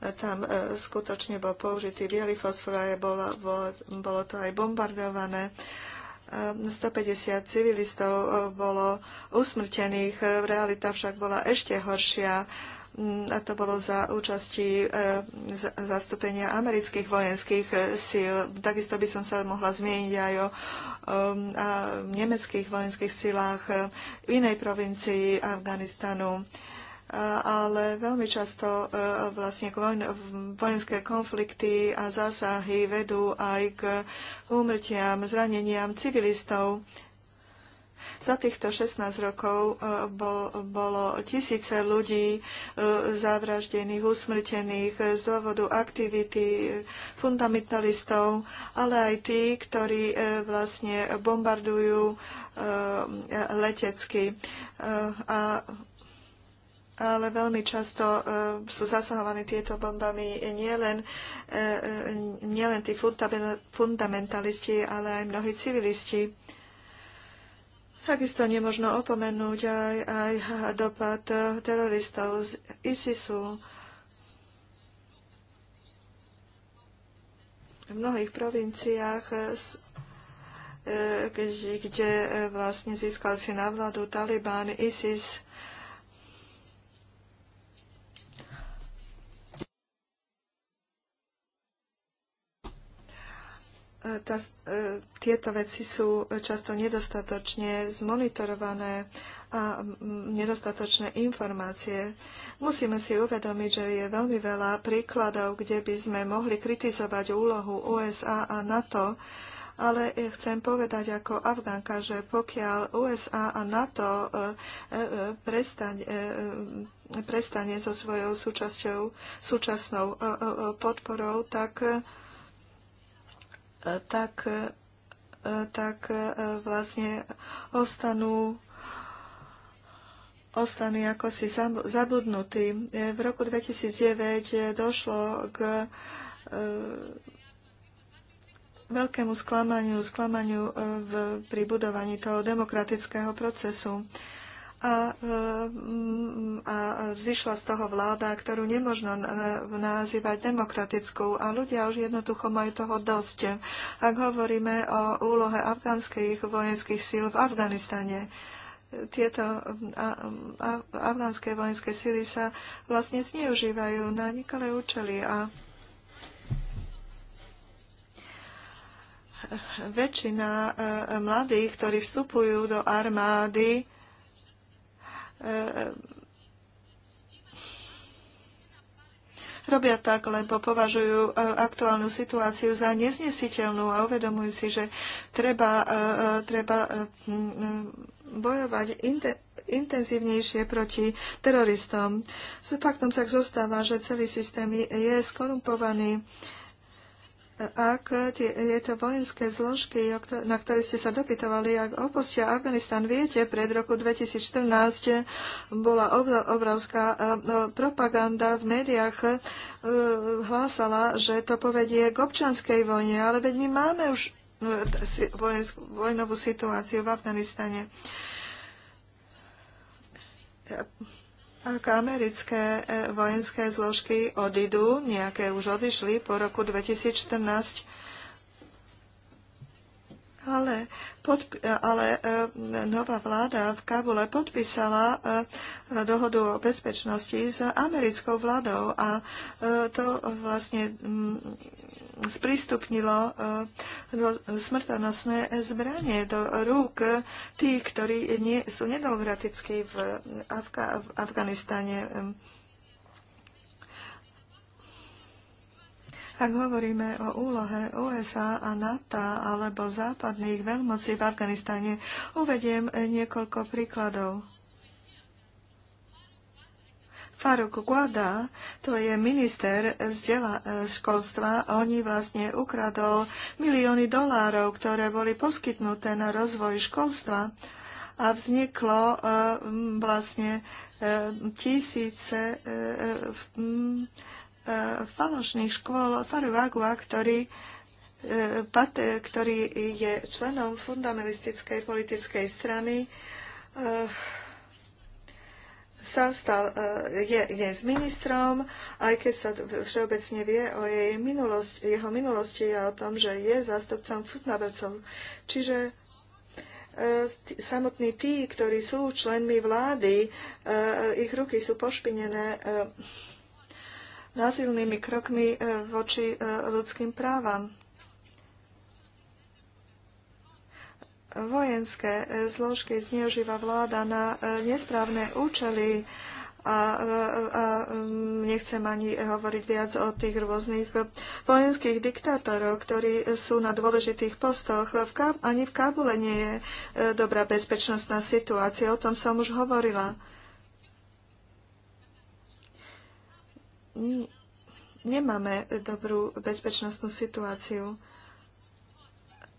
tam e, skutočne bol použitý biely fosfor a bolo, bolo to aj bombardované. 150 e, civilistov e, bolo usmrtených, realita však bola ešte horšia mm, a to bolo za účasti zastúpenia amerických vojenských síl. Takisto by som sa mohla zmieniť aj o um, nemeckých vojenských sílách v inej provincii Afganistanu ale veľmi často e, vlastne vojenské konflikty a zásahy vedú aj k úmrtiam, zraneniam civilistov. Za týchto 16 rokov e, bolo tisíce ľudí e, zavraždených, usmrtených z dôvodu aktivity fundamentalistov, ale aj tí, ktorí vlastne bombardujú letecky. A ale veľmi často e, sú zasahované tieto bombami nielen e, e, nie len tí fundamentalisti, ale aj mnohí civilisti. Takisto nemožno opomenúť aj, aj dopad teroristov z ISISu. V mnohých provinciách kde, kde vlastne získal si na vládu Taliban, ISIS, tá, e, tieto veci sú často nedostatočne zmonitorované a nedostatočné informácie. Musíme si uvedomiť, že je veľmi veľa príkladov, kde by sme mohli kritizovať úlohu USA a NATO, ale e, chcem povedať ako Afgánka, že pokiaľ USA a NATO e, prestaň, prestane so svojou súčasťou, súčasnou podporou, tak tak, tak e, vlastne ostanú ostali ako si zabudnutí. E, v roku 2009 došlo k e, veľkému sklamaniu, sklamaniu v, pri budovaní toho demokratického procesu. E, a, mm, a vzýšla z toho vláda, ktorú nemožno nazývať demokratickou a ľudia už jednoducho majú toho dosť. Ak hovoríme o úlohe afgánskych vojenských síl v Afganistane, tieto afgánske vojenské síly sa vlastne zneužívajú na nekalé účely a väčšina e, mladých, ktorí vstupujú do armády, E, e, robia tak, lebo považujú e, aktuálnu situáciu za neznesiteľnú a uvedomujú si, že treba, treba bojovať intenzívnejšie proti teroristom. S faktom sa zostáva, že celý systém je skorumpovaný ak tieto vojenské zložky, na ktoré ste sa dopytovali, ak opustia Afganistan, viete, pred roku 2014 bola obrovská e, e, propaganda v médiách, e, hlásala, že to povedie k občanskej vojne, ale veď my máme už vojnovú situáciu v Afganistane ak americké e, vojenské zložky odídu, nejaké už odišli po roku 2014, ale, pod, e, ale e, nová vláda v Kabule podpísala dohodu o bezpečnosti s americkou vládou a to vlastne sprístupnilo eh, no, smrtonosné zbranie do rúk tých, ktorí nie, sú nedemokratickí v, Afga- v Afganistane. Ak hovoríme o úlohe USA a NATO alebo západných veľmocí v Afganistane, uvediem niekoľko príkladov. Faruk Guada, to je minister zdela, e, školstva, oni vlastne ukradol milióny dolárov, ktoré boli poskytnuté na rozvoj školstva a vzniklo e, vlastne e, tisíce falošných škôl Agua, ktorý ktorý je členom fundamentalistickej politickej strany, sa stal, e, je dnes ministrom, aj keď sa všeobecne vie o jej minulosti, jeho minulosti a o tom, že je zástupcom futnabelcov. Čiže e, samotní tí, ktorí sú členmi vlády, e, ich ruky sú pošpinené násilnými krokmi voči ľudským právam. vojenské e, zložky zneužíva vláda na e, nesprávne účely a, e, a mm, nechcem ani hovoriť viac o tých rôznych vojenských diktátoroch, ktorí sú na dôležitých postoch. V ani v Kábule nie je dobrá bezpečnostná situácia, o tom som už hovorila. Nemáme dobrú bezpečnostnú situáciu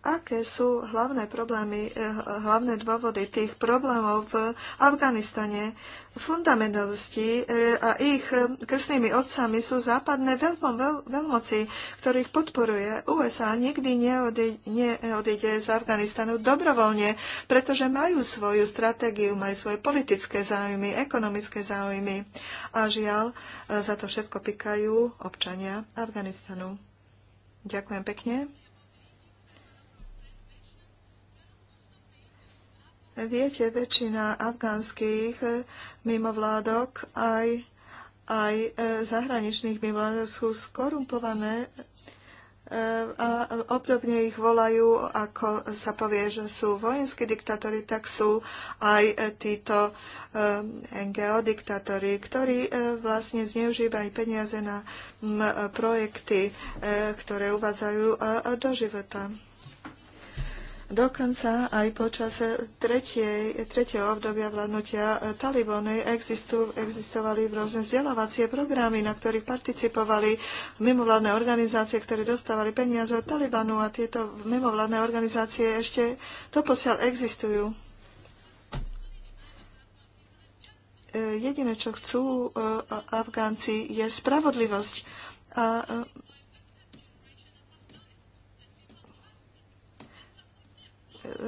aké sú hlavné problémy, eh, hlavné dôvody tých problémov v Afganistane. Fundamentalisti eh, a ich eh, krstnými otcami sú západné veľmo, veľ, veľmoci, ktorých podporuje USA. Nikdy neodíde, z Afganistanu dobrovoľne, pretože majú svoju stratégiu, majú svoje politické záujmy, ekonomické záujmy. A žiaľ, za to všetko pikajú občania Afganistanu. Ďakujem pekne. Viete, väčšina afgánskych mimovládok aj, aj e, zahraničných mimovládok sú skorumpované e, a obdobne ich volajú, ako sa povie, že sú vojenskí diktatóri, tak sú aj e, títo NGO diktatóri, ktorí vlastne zneužívajú peniaze na projekty, ktoré uvádzajú do života. Dokonca aj počas tretieho obdobia vládnutia Talibony existu, existovali rôzne vzdelávacie programy, na ktorých participovali mimovládne organizácie, ktoré dostávali peniaze od Talibanu a tieto mimovládne organizácie ešte doposiaľ existujú. E, jediné, čo chcú e, Afgánci, je spravodlivosť. A e,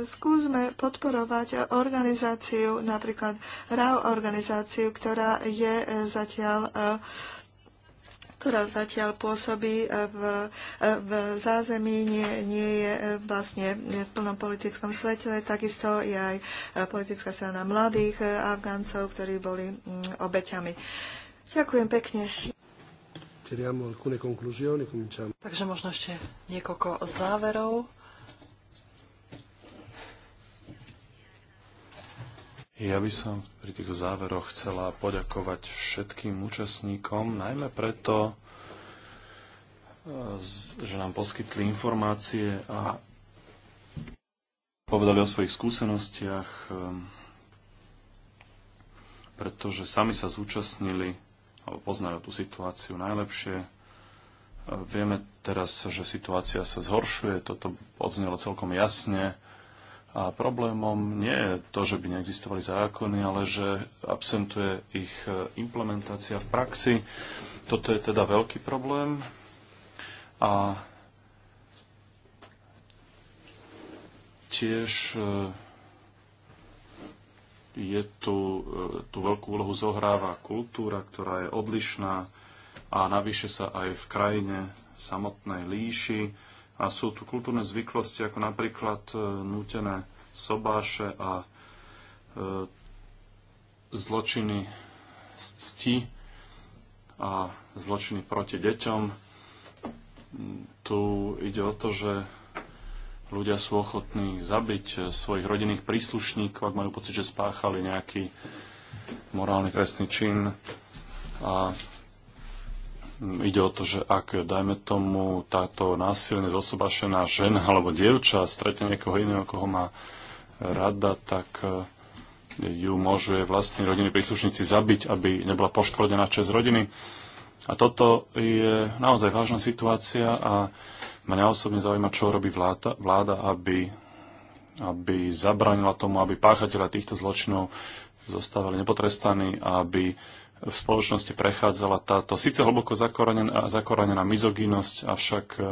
skúsme podporovať organizáciu, napríklad RAO organizáciu, ktorá je e, zatiaľ e, ktorá zatiaľ pôsobí e, v, v zázemí, nie, nie je vlastne v plnom politickom svete. Takisto je aj politická strana mladých Afgáncov,
ktorí boli mm, obeťami. Ďakujem pekne. Takže možno ešte niekoľko záverov.
Ja by som pri týchto záveroch chcela poďakovať všetkým účastníkom, najmä preto, e, že nám poskytli informácie a povedali o svojich skúsenostiach, e, pretože sami sa zúčastnili alebo poznajú tú situáciu najlepšie. E, vieme teraz, že situácia sa zhoršuje, toto odznelo celkom jasne a problémom nie je to, že by neexistovali zákony, ale že absentuje ich e, implementácia v praxi. Toto je teda veľký problém. A tiež e, je tu, e, tu veľkú úlohu zohráva kultúra, ktorá je odlišná a navyše sa aj v krajine samotnej líši a sú tu kultúrne zvyklosti, ako napríklad e, nútené sobáše a e, zločiny z cti a zločiny proti deťom. Tu ide o to, že ľudia sú ochotní zabiť e, svojich rodinných príslušníkov, ak majú pocit, že spáchali nejaký morálny trestný čin. A ide o to, že ak, dajme tomu, táto násilne zosobašená žena alebo dievča stretne niekoho iného, koho má rada, tak e, ju môžu jej vlastní rodiny príslušníci zabiť, aby nebola poškodená čas rodiny. A toto je naozaj vážna situácia a mňa osobne zaujíma, čo robí vláda, vláda aby, aby zabranila tomu, aby páchatelia týchto zločinov zostávali nepotrestaní a aby v spoločnosti prechádzala táto síce hlboko zakorenená, zakorenená mizogínosť, avšak e, e,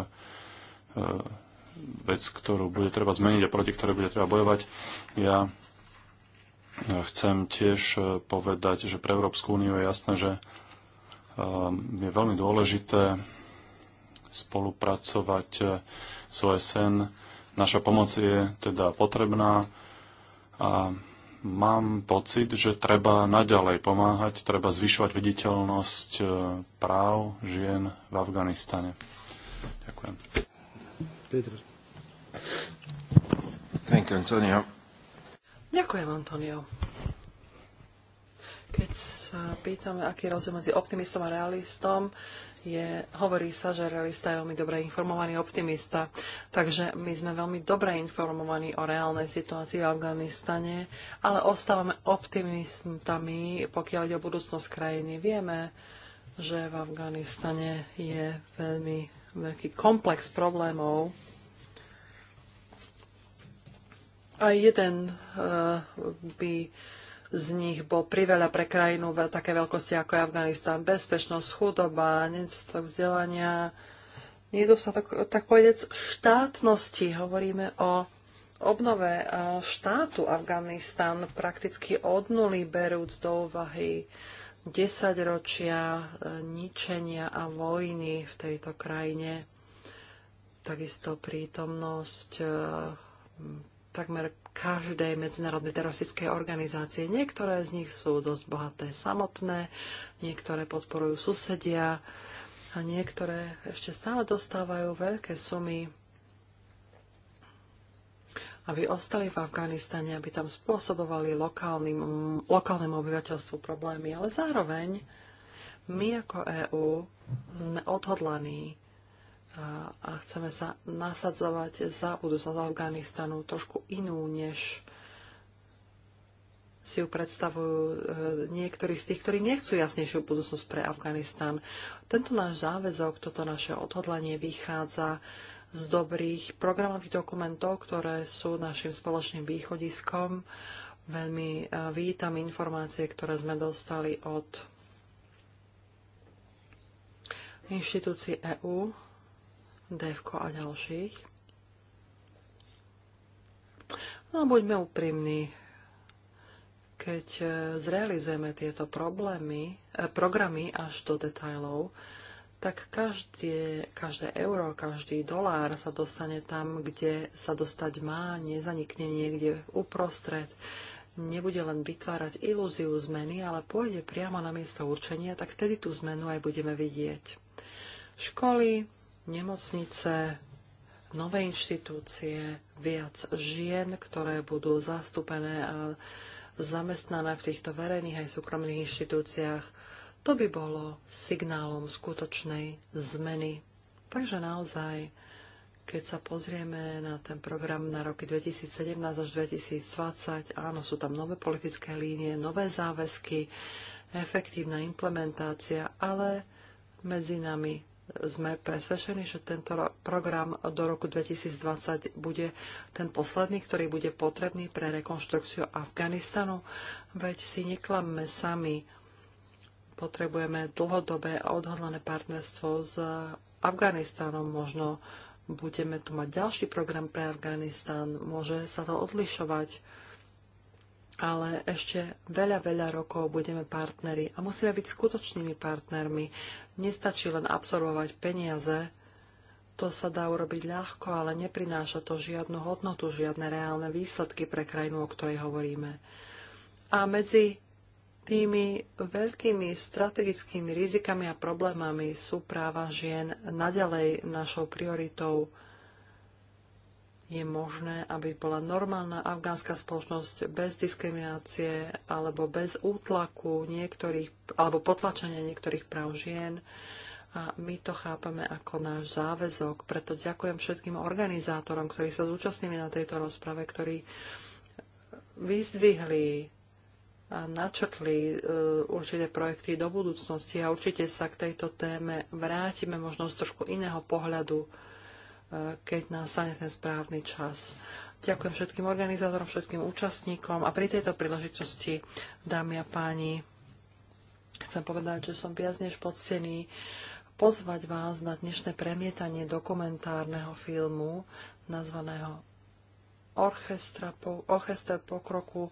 vec, ktorú bude treba zmeniť a proti ktorej bude treba bojovať. Ja e, chcem tiež povedať, že pre Európsku úniu je jasné, že je veľmi dôležité spolupracovať s OSN. Naša pomoc je teda potrebná a mám pocit, že treba naďalej pomáhať, treba zvyšovať viditeľnosť e, práv žien v Afganistane. Ďakujem. Peter. Thank you, Antonio.
Ďakujem, Antonio. Keď sa pýtame, aký je rozdiel medzi optimistom a realistom, je, hovorí sa, že realista je veľmi dobre informovaný optimista. Takže my sme veľmi dobre informovaní o reálnej situácii v Afganistane, ale ostávame optimistami, pokiaľ ide o budúcnosť krajiny. Vieme, že v Afganistane je veľmi veľký komplex problémov. A jeden uh, by z nich bol priveľa pre krajinu také veľkosti ako je Afganistan. Bezpečnosť, chudoba, nedostatok vzdelania, nedostatok, tak povedec, štátnosti. Hovoríme o obnove štátu Afganistan prakticky od nuly berúc do úvahy desaťročia e, ničenia a vojny v tejto krajine. Takisto prítomnosť e, takmer každej medzinárodnej teroristickej organizácie. Niektoré z nich sú dosť bohaté samotné, niektoré podporujú susedia a niektoré ešte stále dostávajú veľké sumy, aby ostali v Afganistane, aby tam spôsobovali lokálnym, lokálnemu obyvateľstvu problémy. Ale zároveň my ako EÚ sme odhodlaní a, a chceme sa nasadzovať za budúcnosť Afganistanu trošku inú, než si ju predstavujú e, niektorí z tých, ktorí nechcú jasnejšiu budúcnosť pre Afganistan. Tento náš záväzok, toto naše odhodlanie vychádza z dobrých programových dokumentov, ktoré sú našim spoločným východiskom. Veľmi e, vítam informácie, ktoré sme dostali od inštitúcií EÚ Devko a ďalších. No a buďme úprimní, keď e, zrealizujeme tieto problémy, e, programy až do detajlov, tak každé, každé euro, každý dolár sa dostane tam, kde sa dostať má, nezanikne niekde uprostred, nebude len vytvárať ilúziu zmeny, ale pôjde priamo na miesto určenia, tak vtedy tú zmenu aj budeme vidieť. Školy, nemocnice, nové inštitúcie, viac žien, ktoré budú zastúpené a zamestnané v týchto verejných aj súkromných inštitúciách. To by bolo signálom skutočnej zmeny. Takže naozaj, keď sa pozrieme na ten program na roky 2017 až 2020, áno, sú tam nové politické línie, nové záväzky, efektívna implementácia, ale medzi nami sme presvedčení, že tento program do roku 2020 bude ten posledný, ktorý bude potrebný pre rekonštrukciu Afganistanu. Veď si neklamme sami, potrebujeme dlhodobé a odhodlané partnerstvo s Afganistanom. Možno budeme tu mať ďalší program pre Afganistan, môže sa to odlišovať ale ešte veľa, veľa rokov budeme partneri a musíme byť skutočnými partnermi. Nestačí len absorbovať peniaze, to sa dá urobiť ľahko, ale neprináša to žiadnu hodnotu, žiadne reálne výsledky pre krajinu, o ktorej hovoríme. A medzi tými veľkými strategickými rizikami a problémami sú práva žien naďalej našou prioritou je možné, aby bola normálna afgánska spoločnosť bez diskriminácie alebo bez útlaku niektorých, alebo potlačenia niektorých práv žien. A my to chápame ako náš záväzok. Preto ďakujem všetkým organizátorom, ktorí sa zúčastnili na tejto rozprave, ktorí vyzdvihli a načrtli e, určité projekty do budúcnosti a určite sa k tejto téme vrátime možno z trošku iného pohľadu keď nastane ten správny čas. Ďakujem všetkým organizátorom, všetkým účastníkom a pri tejto príležitosti, dámy a páni, chcem povedať, že som viac než poctený pozvať vás na dnešné premietanie dokumentárneho filmu nazvaného Orchestra, orchester pokroku, e,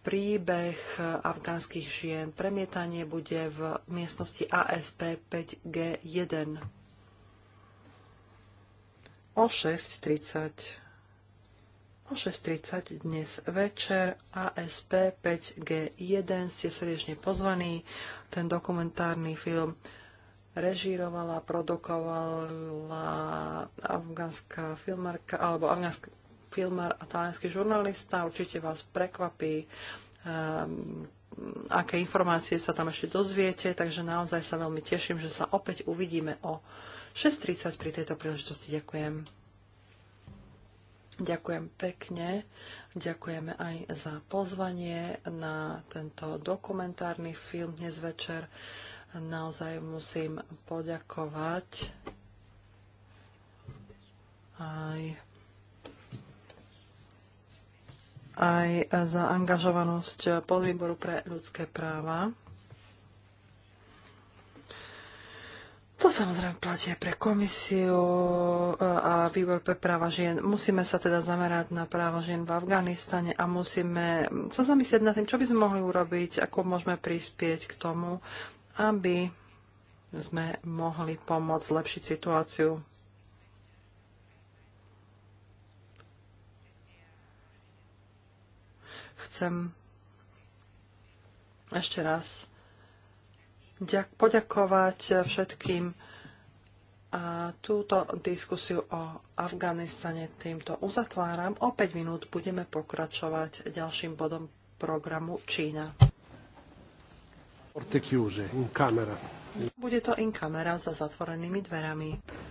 príbeh afgánskych žien. Premietanie bude v miestnosti ASP 5G1 o 6.30. O 6.30 dnes večer ASP 5G1 ste srdečne pozvaní. Ten dokumentárny film režírovala, produkovala afgánska filmárka, alebo afgánska filmár a talianský žurnalista. Určite vás prekvapí, um, aké informácie sa tam ešte dozviete, takže naozaj sa veľmi teším, že sa opäť uvidíme o 6.30 pri tejto príležitosti. Ďakujem. Ďakujem pekne. Ďakujeme aj za pozvanie na tento dokumentárny film dnes večer. Naozaj musím poďakovať aj aj za angažovanosť podvýboru pre ľudské práva. To samozrejme platí aj pre komisiu e, a výbor pre práva žien. Musíme sa teda zamerať na práva žien v Afganistane a musíme sa zamyslieť nad tým, čo by sme mohli urobiť, ako môžeme prispieť k tomu, aby sme mohli pomôcť zlepšiť situáciu. Chcem ešte raz ďak- poďakovať všetkým a túto diskusiu o Afganistane týmto uzatváram. O 5 minút budeme pokračovať ďalším bodom programu Čína. Bude to in kamera za zatvorenými dverami.